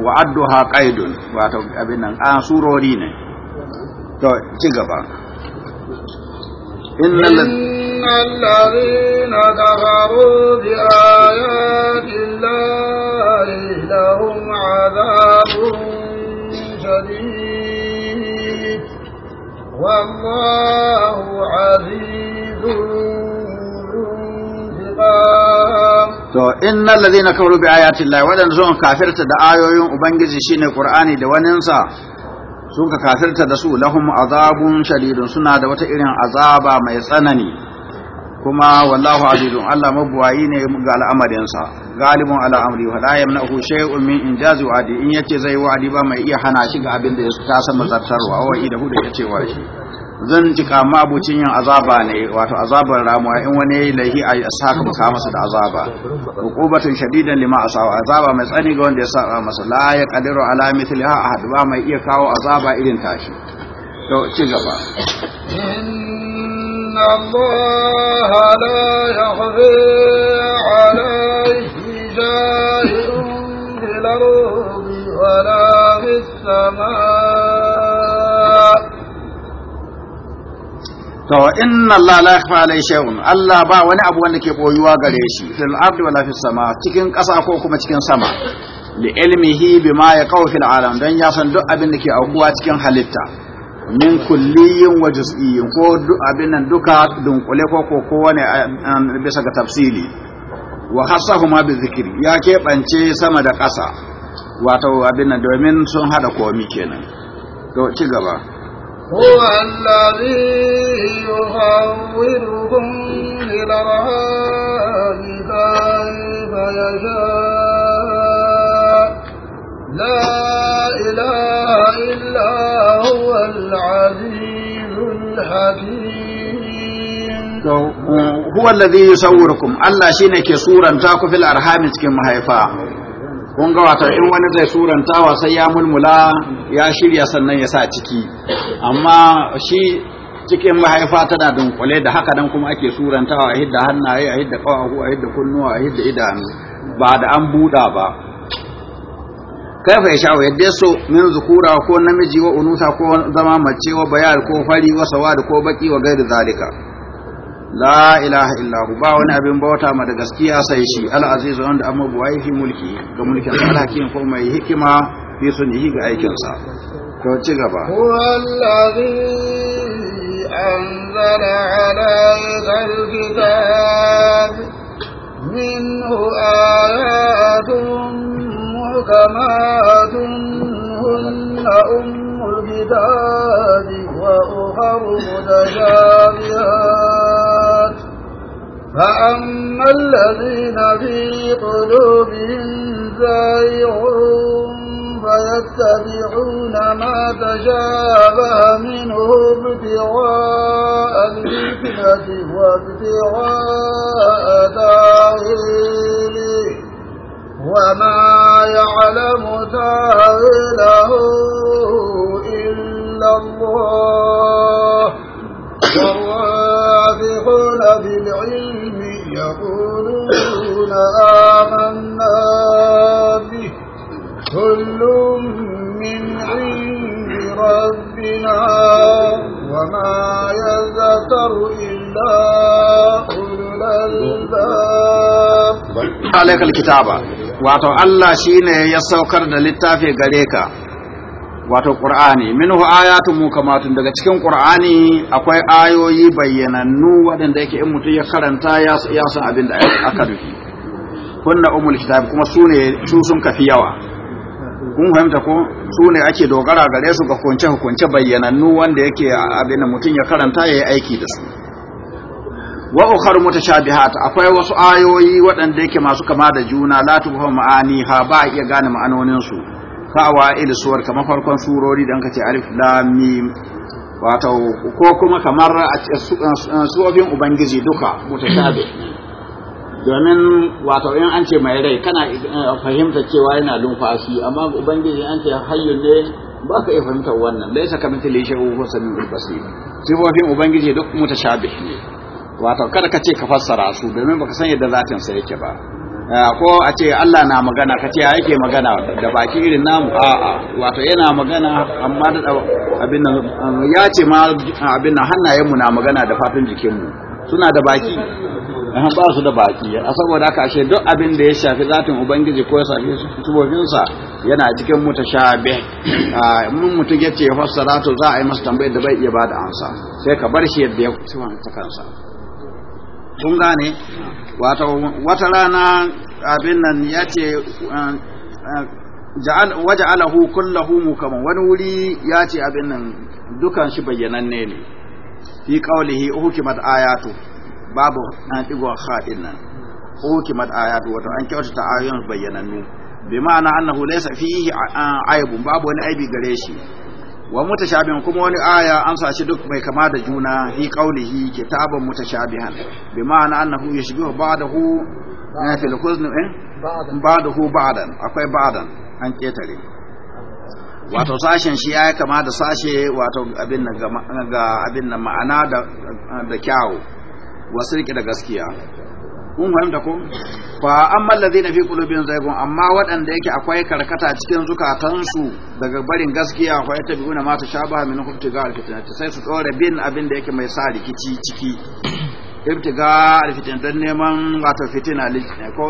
wa'adduha qaidun wato abin nan a ah, surori ne to ci gaba إن الذين كفروا بآيات الله لهم عذاب شديد والله عزيز To, inna na kafaru bi ayati Allah waɗanda zuwan kafirta da ayoyin Ubangiji shine Qur'ani da waninsa sun ka kafirta da su lahum azabun shadidun suna da wata irin azaba mai tsanani kuma wallahu azizun Allah mabuwayi ne ga sa galibun ala amri wa la yamnahu shay'un min injazi wa'di in yace zai wa'di ba mai iya hana shi ga abin da ya kasa mazartarwa wa idahu da yace wa shi zan jika abucin yin azaba ne wato azabar ramuwa in wani ya yi laifi a saka muka masa da azaba uqubatun shadidan lima asawa azaba mai tsani ga wanda ya saba masa la ya qadiru ala mithliha ahad ba mai iya kawo azaba irin tashi to ci gaba inna to inna Allah la yakhfa alayhi shay'un Allah ba wani abu wanda ke boyuwa gare shi fil ardi wala fis sama cikin ƙasa ko kuma cikin sama li ilmihi bima yaqau fil alam dan ya san duk abin da ke aukuwa cikin halitta min kulliyin wa juz'iyyin ko duk abin nan duka dunkule ko ko kowane um, bisa ga tafsili wa ma bi zikri ya ke bance sama da ƙasa wato abin nan domin sun hada komi kenan to ci gaba هو الذي يصوركم إلى الأرحام كيف يشاء لا إله إلا هو العزيز الحكيم هو الذي يصوركم الله شينك صورا تاكو في الأرحام تكن مهيفا kun ga wato in wani zai surantawa sai ya mulmula ya shirya sannan ya sa ciki amma shi cikin mahaifa tana dunkule da haka dan kuma ake surantawa a hidda hannaye a hidda kawahu a hidda kunnuwa a hidda idanu ba da an buɗa ba kaifa ya sha'u yadda so min zukura ko namiji wa unusa ko zama mace wa bayar ko fari wa sawad ko baki wa gairu zalika la ilaha illahu ba wani abin bauta ma da gaskiya sai shi al-aziz wanda amma buwai fi mulki ga mulkin Allah ko mai hikima fi yi ga aikin sa to ci gaba wallahi anzala ala al-kitab minhu ayatun muhkamatun hunna ummul kitab wa ukharu mutashabihat فأما الذين في قلوبهم زائعون فيتبعون ما تشابه منه ابتغاء الفتنة وابتغاء تاويله وما يعلم تاويله إلا الله السابقون بالعلم يقولون آمنا به كل من عند ربنا وما يذكر إلا أولو الألباب عليك الكتابة واتو الله shine ya للتافي غريكا wato qur'ani minhu ayatun mukamatun daga cikin qur'ani akwai ayoyi bayyanannu waɗanda yake in mutum ya karanta ya ya san abin da aka nufi kunna umul kitab kuma sune su sun kafi yawa kun fahimta ko sune ake dogara gare su ga kunce hukunce bayyanannu wanda yake abin da mutum ya karanta ya yi aiki da su wa ukhar mutashabihat akwai wasu ayoyi waɗanda yake masu kama da juna la tubham ma'ani ha ba iya gane ma'anonin su ka ila suwar kamar farkon surori da anka ce alif lam mim wato ko kuma kamar a suwafin ubangiji duka mutashabi domin wato in an ce mai rai kana eh, fahimta cewa yana lumfashi amma ubangiji an ce hayyu ne ba ka iya fahimta wannan laisa kamithlihi shay'un huwa samiul basir sifofin ubangiji duk mutashabi ne wato kada ka ce ka fassara su domin baka san yadda zatin sa yake ba Eh, ko a ce Allah na magana ka ce yake magana da baki irin namu a'a wato yana magana amma da abin nan eh, ya ce ma eh, abin nan hannayenmu na magana da fatun jikinmu suna da baki ba su da baki a saboda haka ashe duk abin da ya shafi zatin ubangiji ko ya shafi subobinsa yana cikin mutashabih mun mutum ya ya fassara to za a yi masa tambayar da bai iya ba da ansa sai ka bar shi yadda ya ta kansa kun gane wato wata rana abin nan ya ce uh, uh, waje alahu kullahu kama wani wuri ya ce abin nan dukan shi bayyananne ne fi qaulihi hukimat ayatu babu an digo haɗin nan hukimat ayatu wato an kyautata ayoyin bayyanannu bi ma'ana annahu laysa fihi uh, aibun babu wani aibi gare shi wa mutashabihan kuma wani aya amsa shi duk mai kama da juna hi qaulihi kitabun mutashabihan bi ma'ana annahu yashbihu ba'dahu eh, fil huzn eh ba'dahu ba'dan akwai ba'dan an ketare wato sashen shi ya kama da sashe wato abin nan ga abin nan ma'ana da da kyau wasirki da gaskiya kun fahimta ko fa amma allazi na fi kulubin zaygun amma waɗanda yake akwai karkata cikin zukatansu daga barin gaskiya akwai tabi'una mata tashabaha min ibtiga alfitnati sai su tsore bin abin da yake mai sa rikici ciki ibtiga alfitin dan neman wato fitina ko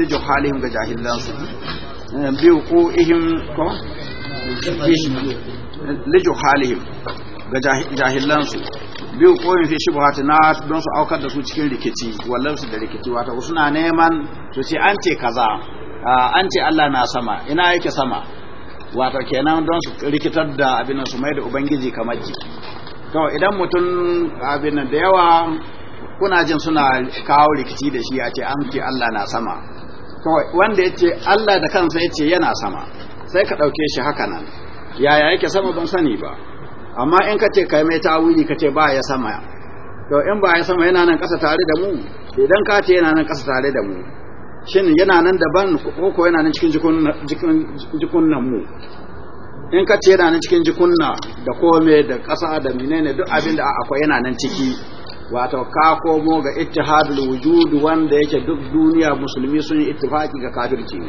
lijo halihim ga jahilansu eh, biyu ko ihim ko lijo halihim ga jahilansu biyu koyin fi shubhati na don su aukar da su cikin rikici wallan su da rikici wata suna neman su ce an ce kaza an ce Allah na sama ina yake sama wato kenan don su rikitar da abin su mai da ubangiji kamar jiki kawai idan mutum abin da yawa kuna jin suna kawo rikici da shi ya ce an ce Allah na sama kawai wanda ya ce Allah da kansa ya ce yana sama sai ka ɗauke shi haka nan yaya yake sama ban sani ba amma in ka ce kai mai tawili ka ce ba ya sama to in ba ya sama yana nan ƙasa tare da mu idan ka ce yana nan ƙasa tare da mu shin yana nan daban ko yana nan cikin nan mu in ka ce yana nan cikin jikunna da kome da ƙasa da menene duk abin da akwai yana nan ciki wato ka komo ga ittihadul wujud wanda yake duk duniya musulmi sun yi ittifaki ga kafirci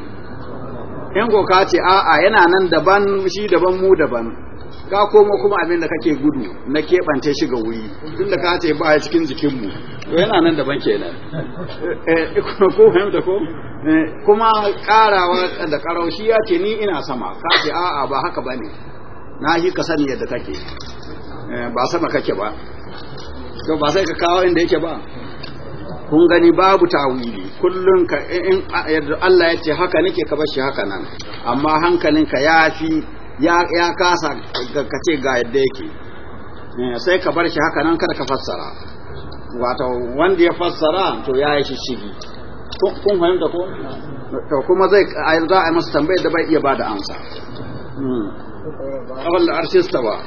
in ko ka ce a'a yana nan daban shi daban mu daban ka komo kuma abin da kake gudu na keɓance shi ga wuri tun da ka ce ba cikin jikinmu to yana nan daban kenan eh, eh, ko fahimta ko eh, kuma karawa da karaushi ya ce ni ina sama ka ce a'a ba haka ba ne na yi ka sani yadda kake ba sama kake ba to ba sai ka kawo inda yake ba kun gani babu tawili kullun ka in Allah ya ce haka nake ka bar shi haka nan amma hankalinka ya fi ya kasa ka ce ga yadda yake eh, sai ka bar shi haka nan kada ka fassara wato wanda ya fassara to ya yi shi shigi kun fahimta ko to kuma zai za a yi masa tambayar da bai iya ba da amsa hmm. awal arshi istawa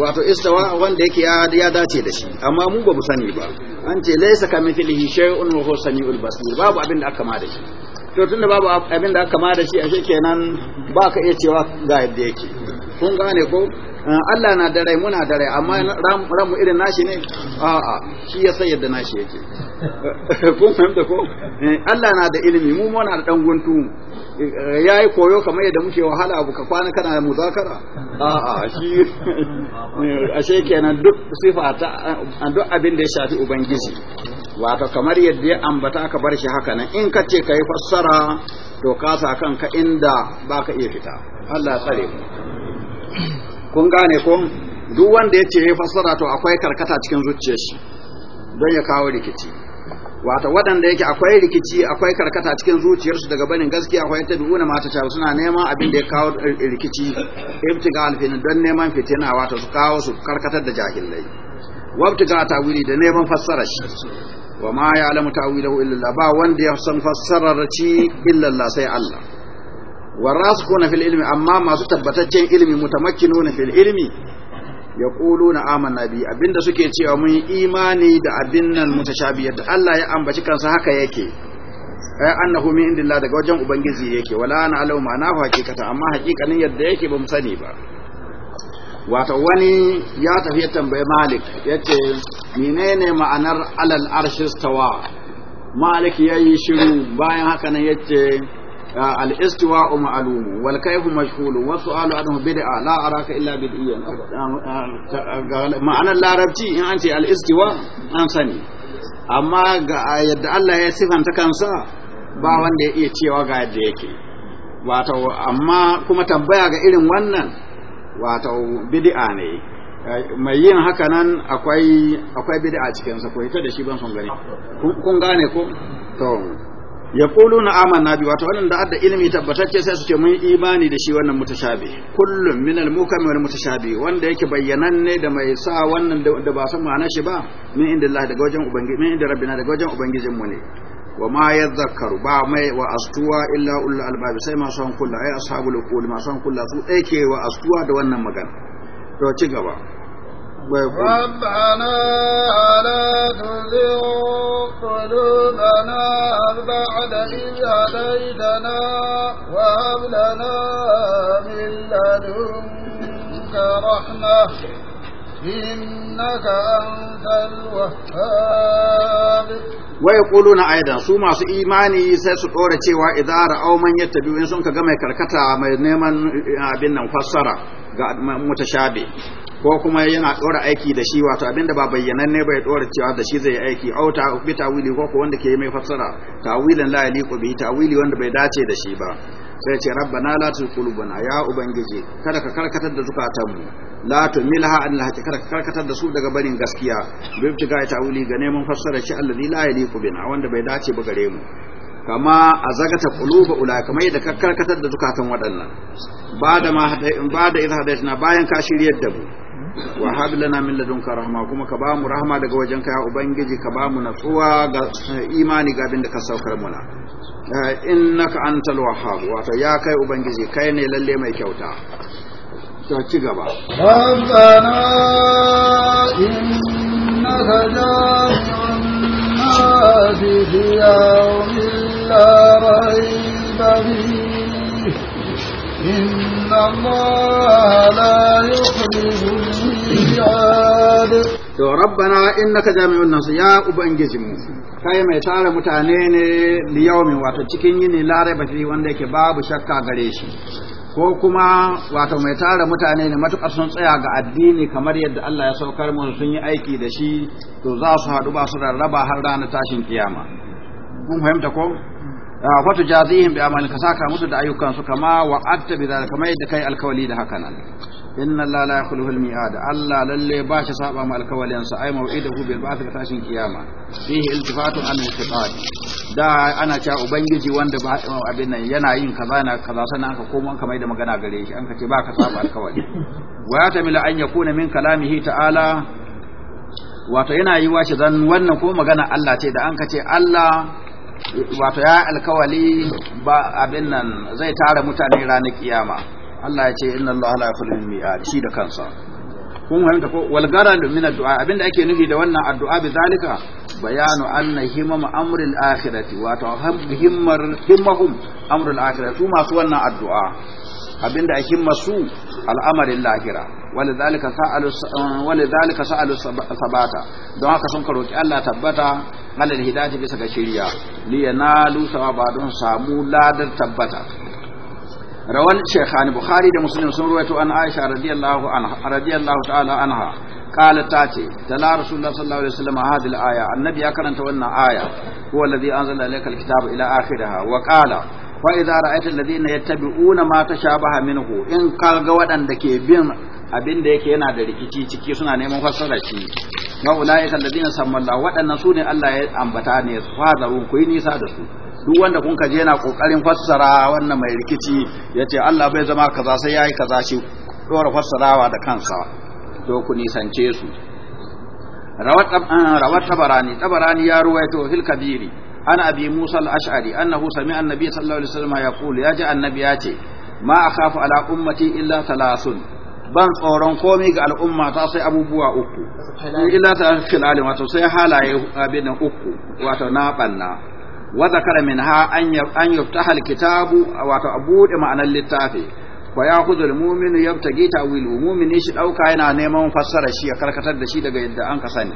wato istawa wanda yake ya dace da shi amma mu ba mu sani ba an ce laisa kamithlihi shay'un wa huwa samiul basir babu abin da aka ma da shi to tunda babu abin da aka kama da shi a nan ba ka iya cewa ga yadda yake kun gane ko eh, Allah na da rai muna da rai amma ramu irin nashi ne a'a shi ya san yadda nashi yake kun fahimta ko eh, Allah na da ilimi mu muna da dan guntu eh, yayi koyo kamar yadda muke wahala abu ka kwana kana muzakara a'a shi ashe nan duk sifa ta duk abin da ya shafi ubangiji wato kamar yadda ya ambata ka bar shi haka nan in ka ce ka yi fassara to ka sa kanka inda ba ka iya fita Allah tsare kun gane ko duk wanda ya ce ya fassara to akwai karkata cikin zuciyar shi don ya kawo rikici wato waɗanda yake akwai rikici akwai karkata cikin zuciyarsu daga banin gaskiya akwai ta duna mata ta suna neman abin da ya kawo rikici ibtiga alfin don neman fitina wato su kawo su karkatar da jahilai wabtiga tawili da neman fassara shi wa ma alamu ta'wilahu illa Allah ba wanda ya san fassarar ci illa Allah sai Allah warasikuna fil ilmi amma masu tabbataccen ilmi mutamakkinuna fil ilmi yaquluna amanna bi abinda suke cewa mun imani da abin nan mutashabiyat Allah ya ambaci kansa haka yake ai eh, annahu min indillah daga wajen ubangiji yake wala ana alau na hakikata amma hakikanin yadda yake ba mu sani ba wato wani ya tafi tambaye malik ya ce menene ma'anar alal arshistawa malik ya yi shiru bayan haka nan ya ce umu alumu wal kaifu mashhulu wasu alu anhu bid'a la araka illa bid'iyya ma'anar larabci in an ce al'istuwa an sani amma ga yadda Allah ya sifanta kansa ba wanda ya iya cewa ga yadda yake wato amma kuma tambaya ga irin wannan wato bid'a ne eh, mai yin haka nan akwai akwai bid'a cikin sa ko ita da shi ban son gani kun gane ko to ya na aman nabi wato wannan da adda ilimi tabbatacce sai su ce mun imani da shi wannan mutashabi kullum min al mukammi wal mutashabi wanda yake ne da mai sa wannan da ba san ma'ana shi ba min inda Allah daga wajen ubangiji min inda rabbina daga wajen ubangijin mu ne wa ma yadhakkaru ba mai wa astuwa illa ulul albab sai masu hankula ai ashabul uqul masu hankula su dai wa astuwa da wannan magana to ci gaba ربنا لا تزغ قلوبنا بعد إذ هديتنا وهب لنا من لدنك رحمة إنك أنت الوهاب ويقولون su masu imani sai su ɗora cewa idara au man yattabi in sun ka ga mai karkata mai neman abin nan fassara ga mutashabi ko kuma yana ɗora aiki da shi wato abinda ba bayyananne bai ɗora cewa da shi zai aiki au ta bi tawili ko ko wanda ke mai fassara tawilan la yaliqu bi tawili wanda bai dace da shi ba sai ce rabbana la tulqulubana ya ubangiji kada ka karkatar da zukatanmu la tumilha an lahaki kada ka karkatar da su daga barin gaskiya bibti ga ta wuli ga neman fassara shi allazi la yaliqu bina wanda bai dace ba gare mu kama azagata quluba ulai kamar yadda ka karkatar da zukatan waɗannan ba da ma ba da idha hadaitna bayan ka shiryar da mu wa hab lana min ladunka rahma kuma ka bamu rahma daga wajen ka ya ubangiji ka bamu natsuwa ga eh, imani ga abin da ka saukar muna eh, innaka antal wahhab wato ya kai ubangiji kai ne lalle mai kyauta to ci gaba rabbana innaka jami'un nasi fi yawmin la rayba inna allaha la to rabbana innaka jami'un nas ya ubangijinmu kai mai tara mutane ne li yawmin wato cikin yini lare ba fi wanda yake babu shakka gare shi ko kuma wato mai tara mutane ne matukar sun tsaya ga addini kamar yadda Allah ya saukar mu sun yi aiki da shi to za su haɗu ba su rarraba har ranar tashin kiyama mun fahimta ko wato ah, jazihin bi amali ka saka musu da ayyukan su kama wa'adta bi zalika kamar yadda kai alkawali da haka nan inna allaha la yakhluhu al-mi'ad allah lalle ba shi saba ma alkawalin sa ai mau'idahu bil ba'th ka tashin kiyama fihi iltifatun an muqtad da ana cewa ubangiji wanda ba abin nan yana yin kaza yana kaza sannan aka komo aka da magana gare shi an ce ba ka saba alkawali wa yatamila an yakuna min kalamihi ta'ala wato yana yi wa shi zan wannan ko magana Allah ce da an ka ce Allah wato ya alkawali ba abin nan zai tara mutane ranar kiyama Allah ya ce inna Allah la yakhlu mi'ad shi da kansa kun fahimta ko wal garad min addu'a abinda ake nufi da wannan addu'a bi zalika bayanu anna himam amril akhirati wato himmar himmahum amrul akhirati su masu wannan addu'a abinda a himma su al'amarin lahira walidhalika sa'alu walidhalika sa'alu sabata don haka sun karoki Allah tabbata alal hidayati bisa ga shiriya li yanalu sawaba don samu ladar tabbata rawan shekhan bukhari da muslim sun ruwaito an aisha radiyallahu anha radiyallahu ta'ala anha qalat ta ce tala rasulullah sallallahu alaihi wasallam hadhihi al-aya annabi ya karanta wannan aya huwa alladhi anzala ilayka al-kitaba ila akhiraha wa qala fa idza ta alladhina yattabi'una ma tashabaha minhu in kalga waɗanda ke bin abin da yake yana da rikici ciki suna neman fassara shi ma ulaika alladhina samalla wadanna sune Allah ya ambata ne fa zaru ku yi nisa da su duk wanda kun kaje yana kokarin fassara wannan mai rikici yace Allah bai zama kaza sai yayi kaza shi dora fassarawa da kansa to ku nisance su rawat eh, tabarani tabarani ya ruwaito hil kabiri ana abi musa al-ash'ari annahu sami'a annabi sallallahu alaihi wasallam yaqul ya ji annabi ya ce ma akhafu ala ummati illa thalathun ban tsoron komai ga al'umma ta sai abubuwa uku illa ta khilalin wato sai halaye abin uku wato na banna wa zakara ha an yuftaha kitabu wato a buɗe ma'anar littafi wa muminu almu'minu yabtaghi ta'wilu mumin shi dauka yana neman fassara shi ya karkatar da shi daga yadda an ka sani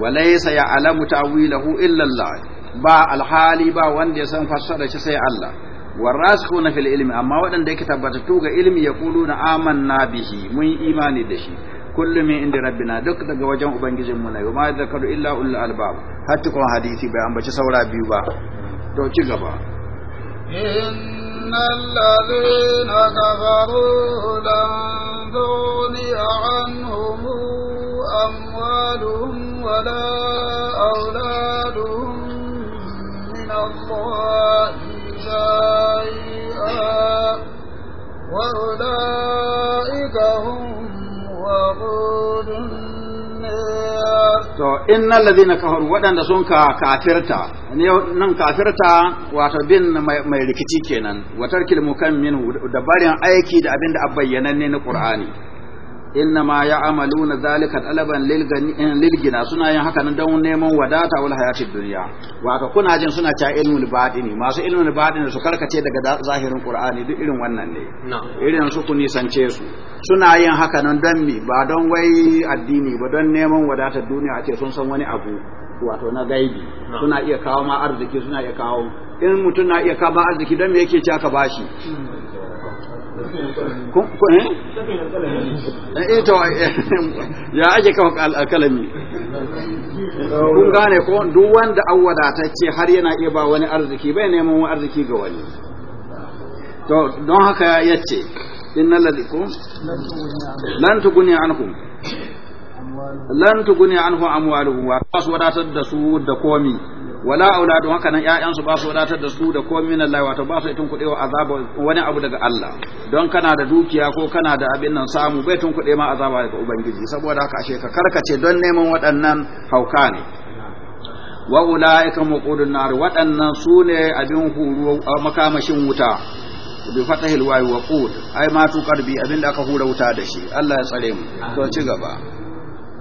wa laysa ya'lamu ta'wilahu illa Allah ba alhali ba wanda ya san fassara shi sai Allah warasikhuna fil ilmi amma waɗanda yake tabbatattu ga ilmi yaquluna amanna bihi mun imani da shi kullu min inda rabbina duk daga wajen ubangijin mu ne ma zakaru illa ulul albab hatta kun hadisi bai ambaci saura biyu ba to ci gaba innal ladina kafaru lan tughni anhum amwaluhum wala auladuhum min allahi شيئا وأولئك هم to innal ladina kafaru waɗanda sun ka kafirta nan kafirta wato bin mai rikici kenan watar kilmukan da barin aiki da abin da ne na qur'ani inna ma ya amalu na zalika talaban lilgina suna yin haka don neman wadata wal hayatid duniya waka kuna jin suna ta baɗi ne masu ilmin batini su karkace daga zahirin qur'ani duk irin wannan ne irin su ku nisance su suna yin haka nan don mi ba don wai addini ba don neman wadata duniya a ce sun san wani abu wato na gaibi suna iya kawo ma arziki suna iya kawo in mutum na iya kawo arziki don me yake ci aka bashi Eh? Eh, eh, ya ake kawo alkalami kun gane ko duk wanda an wadatacce har yana iya ba wani arziki bai neman wani arziki ga wani don haka ya ce inna lalikun lan tuguni anhum lan tuguni anhum amwaluhum wa su wadatar da su da komi wala auladu haka nan ƴaƴansu ba su wadatar da su da komai min Allah wato ba su itun kuɗe wa azaba wani abu daga Allah don kana da dukiya ko kana da abin nan samu bai tun kuɗe ma azaba daga ubangiji saboda haka ashe ka karkace don neman waɗannan hauka ne wa ulaika muqulun nar waɗannan ne abin huru makamashin wuta bi fatahil wa qud ai ma tu abin da aka hura wuta da shi Allah ya tsare mu to ci gaba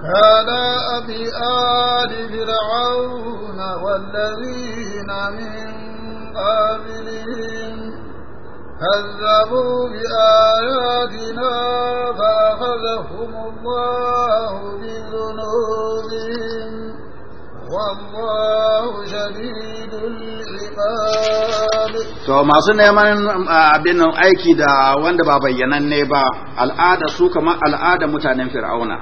كان أبي آل فرعون والذين من قبلهم كذبوا بآياتنا فأخذهم الله بذنوبهم والله شديد العقاب to masu neman ah, abin aiki da wanda ba bayyananne ba al'ada su kamar al'ada mutanen fir'auna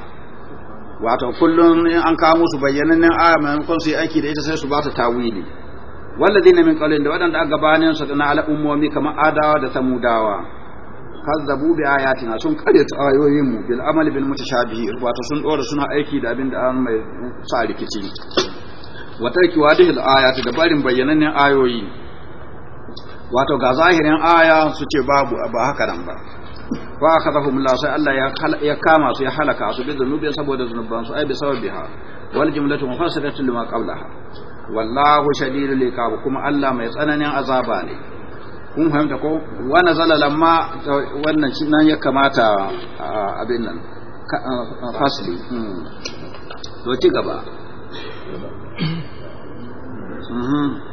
wato kullum in an kawo musu bayyanannen aya maimakon su yi aiki da ita sai su ba ta tawili walladina min qawlin da waɗanda aka gabanin su da na al'ummomi kamar adawa da samudawa kazzabu bi ayatina sun kare ta ayoyin mu bil amal bil mutashabihi wato sun dora suna aiki da abin da an mai sa rikici wa tarki wadihil ayati da barin bayyanannen ayoyi wato ga zahirin aya su ce babu ba haka nan ba wa akhadhahum Allah sai Allah ya kama su ya halaka su bi dhunubi saboda zunuban su ai bi sababiha wal jumlatu lima qablaha wallahu shadidul kuma Allah mai tsananin azaba ne kun fahimta ko wa nazala lamma wannan shi nan ya kamata abin nan fasli hmm. to ci gaba mhm.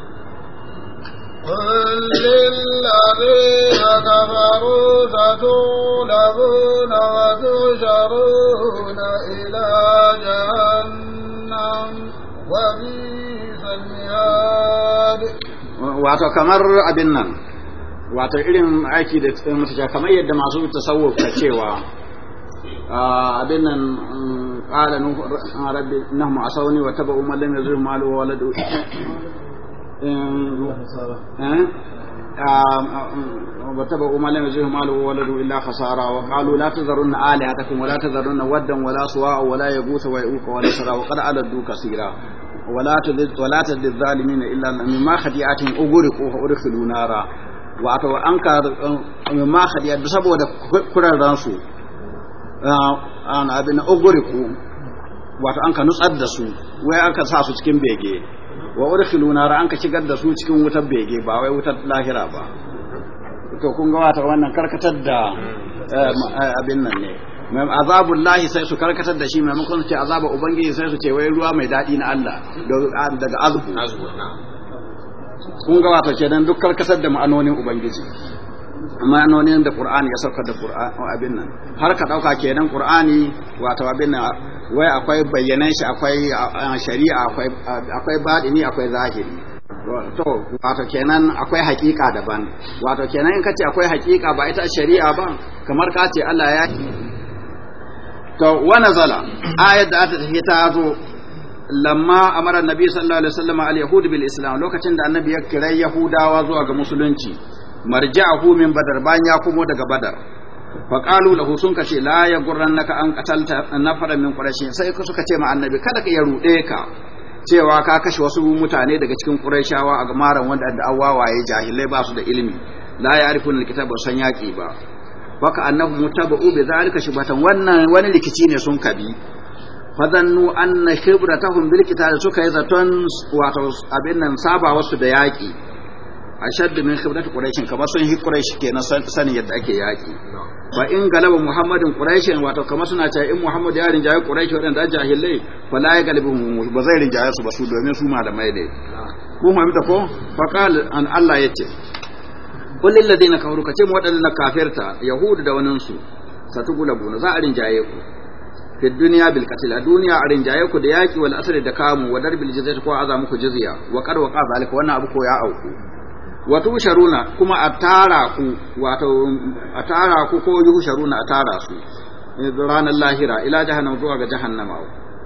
قل للذين كفروا ستولون وتشرون إلى جهنم وبئس المهاد wato kamar abin nan wato irin aiki da mutasha kamar yadda masu tasawuf ka cewa abin nan qala nuhu rabbi innahum asawni wa tabu man lam yazur malu wa waladu واتبعوا ما لم يزهم ماله وولده إلا خسارة وقالوا لا تذرن آلهتكم ولا تذرن ودا ولا سواء ولا يغوث ويؤوك ولا سرا وقد ألدوا كثيرا ولا تذل ولا تذد الظالمين الا مما خديعتهم اغرقوا فأدخلوا نارا wato an ka mimma khadiya saboda kurarran su an abin ogoriku wato an ka nutsar da su wai an ka sa su cikin bege wa urkhilu nar an ka shigar da su cikin wutar bege ba wai wutar lahira ba to kun ga wata wannan karkatar da eh, eh, abin nan ne mai azabul lahi sai su karkatar da shi maimakon su ce azaba ubangiji sai su ce wai ruwa mai daɗi na Allah ah, daga azbu kun ga wata dan duk karkatar da ma'anonin ubangiji manonin da Qur'ani ya sauka da abin nan har ka dauka kenan Qur'ani wato abin nan wai akwai bayyanan shi akwai ah, shari'a akwai ah, akwai badini akwai zahiri to wato kenan akwai hakika daban wato kenan in kace akwai hakika ba ita shari'a ba kamar ka ce Allah ya to wa nazala ayat da ta tafi ta zo lamma amara annabi sallallahu alaihi wasallam al yahud bil islam lokacin da annabi ya kira yahudawa zuwa ga musulunci marja'ahu min badar bayan ya komo daga badar fa qalu lahu sun kace la ya gurrannaka an qatalta nafara min quraish sai suka ce ma annabi kada ka ya rude ka cewa ka kashe wasu mutane daga cikin quraishawa a gamaran wanda da awawaye jahilai ba da ilimi la al alkitaba san yaqi ba baka annahu mutaba'u bi zalika shubatan wannan wani rikici ne sun kabi fadannu anna shibratahum bil qital suka yi zaton wato abin nan saba wasu da yaqi ashaddu min khibratu quraishin kamar sun hi quraish kenan sanin yadda ake yaki fa in galaba muhammadin quraishin wato kamar suna cewa in muhammad ya rinjaye quraish wadanda jahilai fa la ya galibu ba zai rinjaye su ba su domin su malamai ne ko mu ta ko fa qal an allah yace qul lil ladina kafaru kace mu wadanda kafirta yahudu da wanin su satugulabuna za a rinjaye ku fi duniya bil qatl a duniya a rinjaye ku da yaki wal asr da kamu wa darbil jizya ko azamu ku jizya wa qad waqa zalika wannan abu ko ya auku wato sharuna kuma a tara ku wato a tara ku ko yuhu sharuna a tara su ranar lahira ila jahannam zuwa ga jahannama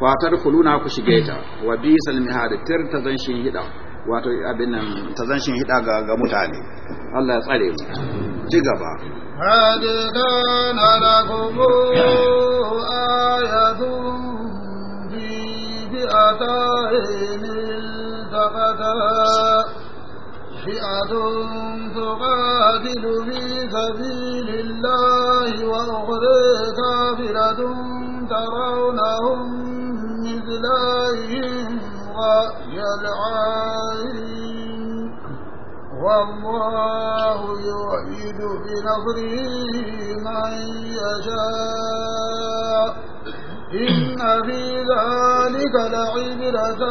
fatar kuluna ku shige ta wa bi salmi tir ta zan shin hida wato abin ta zan shin hida ga ga mutane Allah ya tsare mu ci gaba bi bi فئة تقاتل في سبيل الله وأخرى كافرة ترونهم مثليهم رأي العين والله يؤيد بنصره من يشاء إن في ذلك لعبرة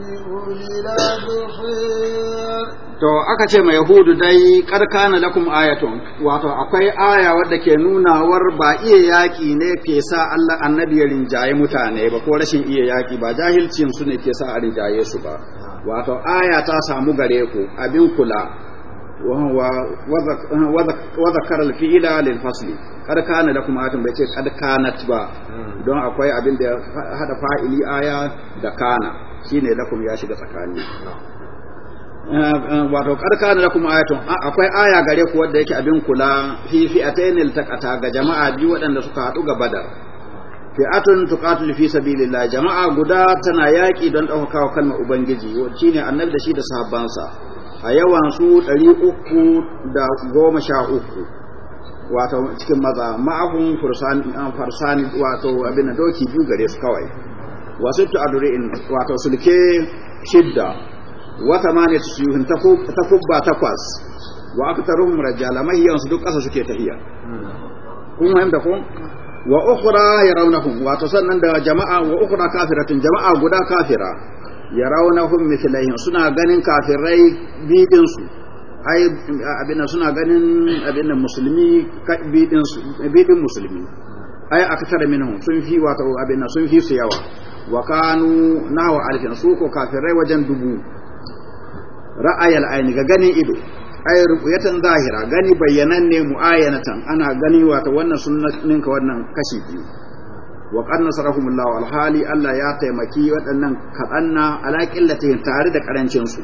لأولي الأبصار to aka ce mai hudu dai karkana lakum ayatun wato akwai aya wadda ke nunawar ba iya yaki ne ke sa Allah annabi ya rinjaye mutane ba ko rashin iya yaki ba jahilcin su ne ke sa a rinjaye su ba wato aya ta samu gare ku abin kula wa zakar fi'ila lil fasli kad kana lakum ayatun bai ce kad ba don akwai abin da hada fa'ili aya da kana shine lakum ya shiga tsakani Eh, wato karkana da kuma ayatun ah, akwai aya gare ku wanda yake abin kula fi fi'atayn iltaqata ga jama'a biyu waɗanda suka haɗu ga badar fi'atun tuqatil fi sabilillah jama'a guda tana yaki don daukawa kalmar ubangiji shine annabi da shi da sahabbansa a yawan su 313 wato cikin maza ma'ahum fursan ah, farsan wato abin da doki biyu gare su kawai wasu tu'adri'in wato sulke shidda wa thamani ta kubba takwas wa aktaruhum rajala mai yawan su duk ƙasa suke tahiya kun fahimta ko wa ukhra yarawnahum wato sannan da jama'a wa ukhra kafiratun jama'a guda kafira yarawnahum mithlaihim suna ganin kafirai bidin su ai abin suna ganin abin musulmi bidin su bidin musulmi ai tare min sun fi wato abin sun fi su yawa wa kanu nahu alfin su ko kafirai wajen dubu ra'ayal aini ga ganin ido ay rubuyatan zahira gani ne muayyanatan ana gani wata wannan sunnatin ka wannan kashi biyu wa qanna sarahum Allah wal hali Allah ya taimaki waɗannan kadanna ala qillatihin tare da karancin su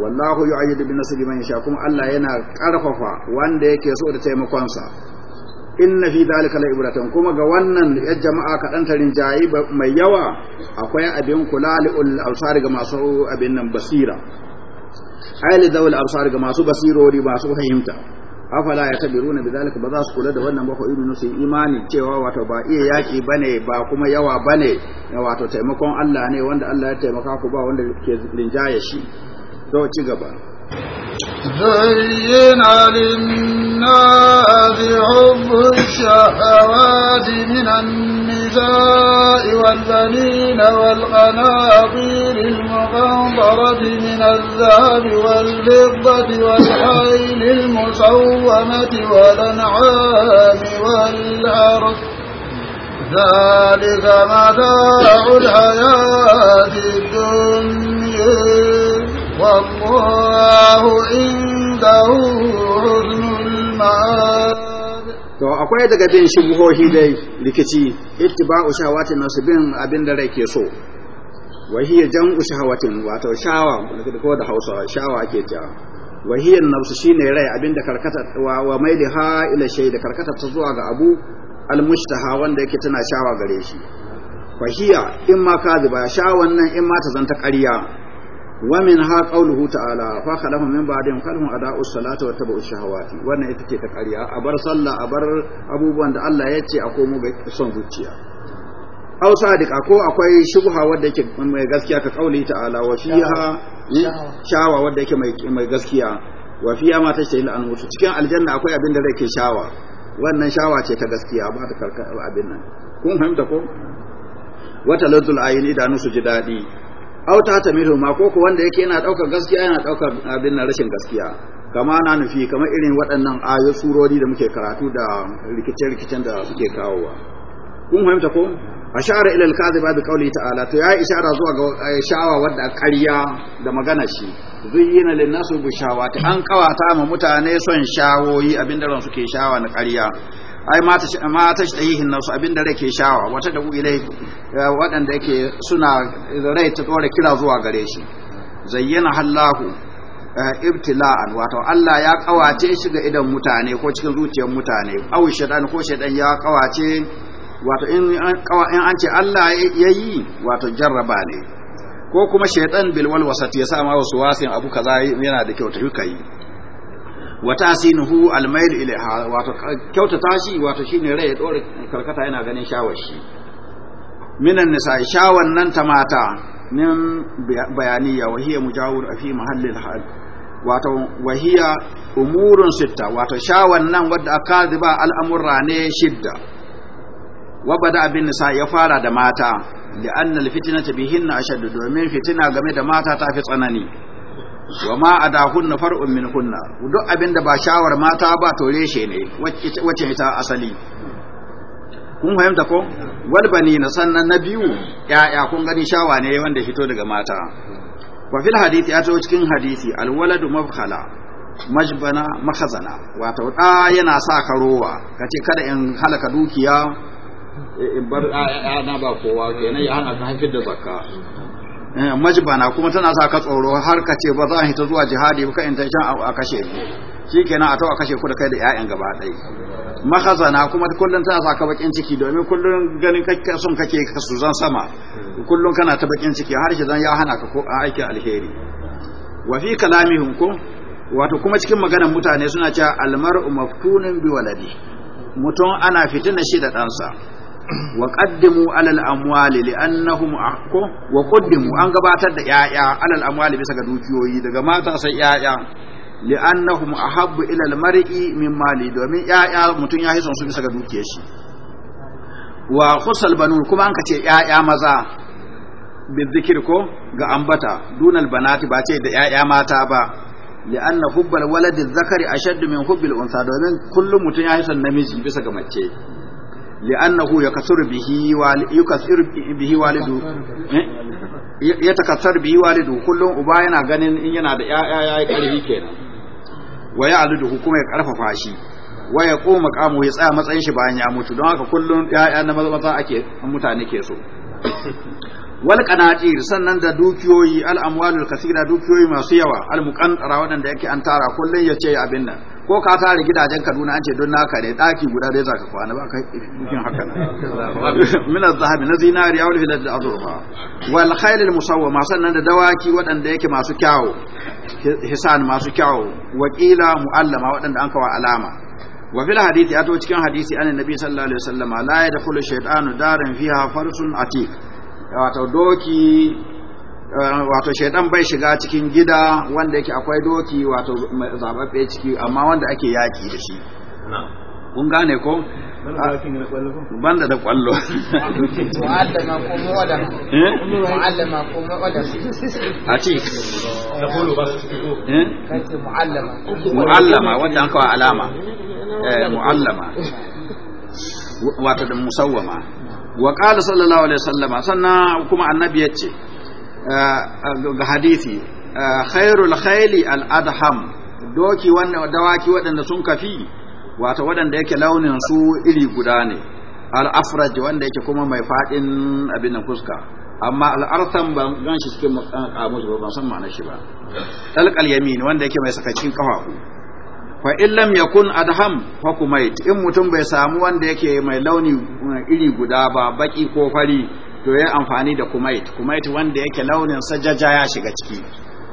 wallahu yu'ayyidu bin nasri man yasha kuma Allah yana karfafa wanda yake so da taimakon sa inna fi dhalika la ibratan kuma ga wannan ya jama'a kadan tarin jayi mai yawa akwai abin kula li ul ga masu abin nan basira ayli dawil absar ga masu basirori masu fahimta afala ya tabiruna bidalika ba za su kula da wannan ba ko ibn su imani cewa wato ba iya yaki bane ba kuma yawa bane wato taimakon Allah ne wanda Allah ya taimaka ku ba wanda ke linjaya shi to ci gaba زين للناس حب الشهوات من النساء والبنين والقناطير المقنطرة من الذهب والفضة والحيل المصومة والأنعام والأرض ذلك متاع الحياة الدنيا والله عنده حسن المآب to akwai daga bin shubuhohi dai rikici ittiba'u shahawatin nasu bin abin da rai ke so wahiyar jam'u shahawatin wato shawa ko da hausa shawa ke ta wahiyar nafsu shine rai abin da karkata wa mai da ha ila shay da karkata ta zuwa ga abu almustaha wanda yake tana shawa gare shi hiya in ma kaziba shawan nan in ma ta zanta ƙarya ها قوله تعالى فخلهم من بعدهم خلهم اداء الصلاه واتبعوا الشهوات وانا اتكي تقريا أبر صلى أبر أبو بند الله يتي أقوم بصنزوتيا أو صادق أكو أكوي شبهة ودك ميغسكيا كقوله تعالى وفيها شاوة ودك ميغسكيا وفيها ما cikin aljanna akwai abin da zai ke shawa. wannan shawa ce ta gaskiya ba ta karkar abin nan kun fahimta ko wata lazul ayin da nusu ji daɗi auta ta milu ma koko wanda yake yana daukar gaskiya yana daukar abin na rashin gaskiya kama na nufi kamar irin waɗannan ayo surori da muke karatu da rikice-rikicen da suke kawowa kun fahimta ko ashara ila al-kadhiba bi qawli ta'ala to ya ishara zuwa ga eh, shawa wadda ƙarya da magana shi zuyyina lin-nasu bi shawati an kawata ma mutane son shawoyi abin da ran suke shawa na ƙarya ai ma ta shi ɗayihin nasu abinda rai ke shawa wata da ilai waɗanda yake suna rai ta ɗora kira zuwa gare shi zayyana hallahu eh, ibtila'an wato Allah ya kawace shi ga idan mutane ko cikin zuciyar mutane aw shaytan ko shaytan ya kawace wato in an ce Allah ya yi wato jarraba ne ko kuma shaiɗan bilwal wasati ya sa ma wasu wasin abu kaza yana da kyau ta yi wa tasinuhu almayl ilaiha wato kyauta tashi wato shine rai ya dore karkata yana ganin shawar shi minan nisa shawan nan ta mata min bayaniya wa hiya mujawir fi mahalli hal wato wa hiya umurun sitta wato shawan nan wadda akaziba al'amurra ne shidda wa bada bin nisa ya fara da mata li'anna alfitnata bihinna ashaddu domin fitina game da mata ta fi tsanani wa ma adahunna far'un min hunna duk abinda ba shawar mata ba to reshe ne wacce ita asali kun fahimta ko wal na sannan na biyu ya'ya kun gani shawa ne wanda fito daga mata wa fil hadisi ya zo cikin hadisi al waladu mabkhala majbana makhazana wato da yana sa karowa kace kada in halaka dukiya in bar na ba kowa kenan ya hana ka haifar da zakka Eh, majbana kuma tana sa ka tsoro har ka ce ba za a hita zuwa jihadi ba ka in can a kashe ku kenan a to a kashe ku da kai da ƴaƴan gaba ɗaya mahazana kuma kullun tana sa ka bakin ciki domin kullun ganin kake son kake ka su zan sama kullun kana ta bakin ciki har shi zan ya hana ka ko aikin alheri wa fi kalamihim ku wato kuma cikin maganar mutane suna cewa almar'u maftunun bi waladi mutum ana fitina shi da ɗansa wa qaddimu alal amwali li'annahum akko wa qaddimu an gabatar da yaya alal amwali bisa ga dukiyoyi daga mata sai yaya li'annahum ahabbu ila al-mar'i min mali domin yaya mutun yayi son su bisa ga dukiyar shi wa khusal banun kuma an kace yaya maza bi zikir ko ga ambata dunal banati ba ce da yaya mata ba li'anna hubbal waladi zakari ashaddu min hubbil unsa domin kullum mutun yayi son namiji bisa ga mace لأنه يكسر به يكسر به والده يتكسر به والده كل yana ganin in yana da ƴaƴa yayi ƙarfi kenan waya alidu kuma ya karfafa shi wa ya koma kamu ya tsaya matsayin shi bayan ya mutu don haka kullun yaya na maza ake mutane ke so wal qanatir sannan da dukiyoyi al amwalul kasira dukiyoyi masu yawa al muqantara waɗanda yake an tara kullun yace abin nan ko ka tare gidajen Kaduna an ce don naka ne daki guda dai ka kwana ba kai dukin haka na. az-zahab na zinari aw wani da azurfa wal khayl musawwa ma sannan da dawaki wadanda yake masu kyawu hisan masu kyawu waqila muallama waɗanda an kawa alama وفي الحديث hadisi كان حديث أن النبي صلى الله عليه وسلم لا يدخل الشيطان دارا فيها فرس عتيق wato doki eh, wato shaidan bai shiga cikin gida wanda yake akwai doki wato zababbe ciki amma wanda ake yaki da shi kun gane ko banda da kwallo mu'allama ko mu'allama eh mu'allama ko mu'allama a ce da kolo ba su eh kace mu'allama mu'allama wanda an kawo alama eh mu'allama wato da musawwama wa qala sallallahu alaihi wasallam sannan kuma annabi yace ah, ah, ga hadisi ah, khairul khayli al adham doki wannan dawaki waɗanda sun kafi wato waɗanda yake launin su iri guda ne al afraj wanda yake kuma mai fadin abin fuska amma al artham ban shi cikin kamus ba ban san ma'anar shi ba talqal yamin wanda yake mai sakacin kafafu fa illam yakun adham fa kumait in mutum bai samu wanda yake mai launi iri guda ba baki ko fari to yayi amfani da kumait kumait wanda yake launin sa jaja ya shiga ciki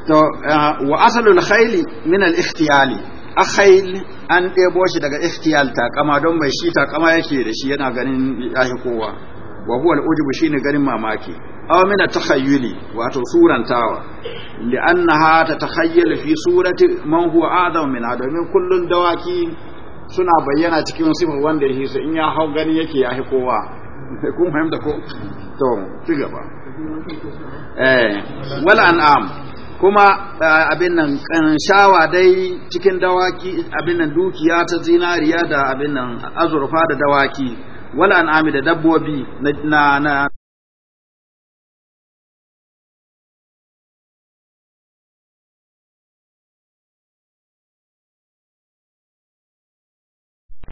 to eh, wa asalul khayl min al ikhtiyali akhayl an ɗebo shi daga ikhtiyal takama don mai shi ta takama yake da shi yana ganin yahi kowa wa huwa al shine garin mamaki aw min takhayyuli wato surantawa li'annaha tatakhayyalu fi surati man huwa adam min adamin kullun dawaki suna bayyana cikin sifar wanda yake so in ya hau gani yake ya hi kowa kun fahimta ko to ci eh wal an'am kuma eh, abin nan shawa dai cikin dawaki abin nan dukiya ta zinariya da abin nan azurfa da dawaki wala an'ami da dabbobi na na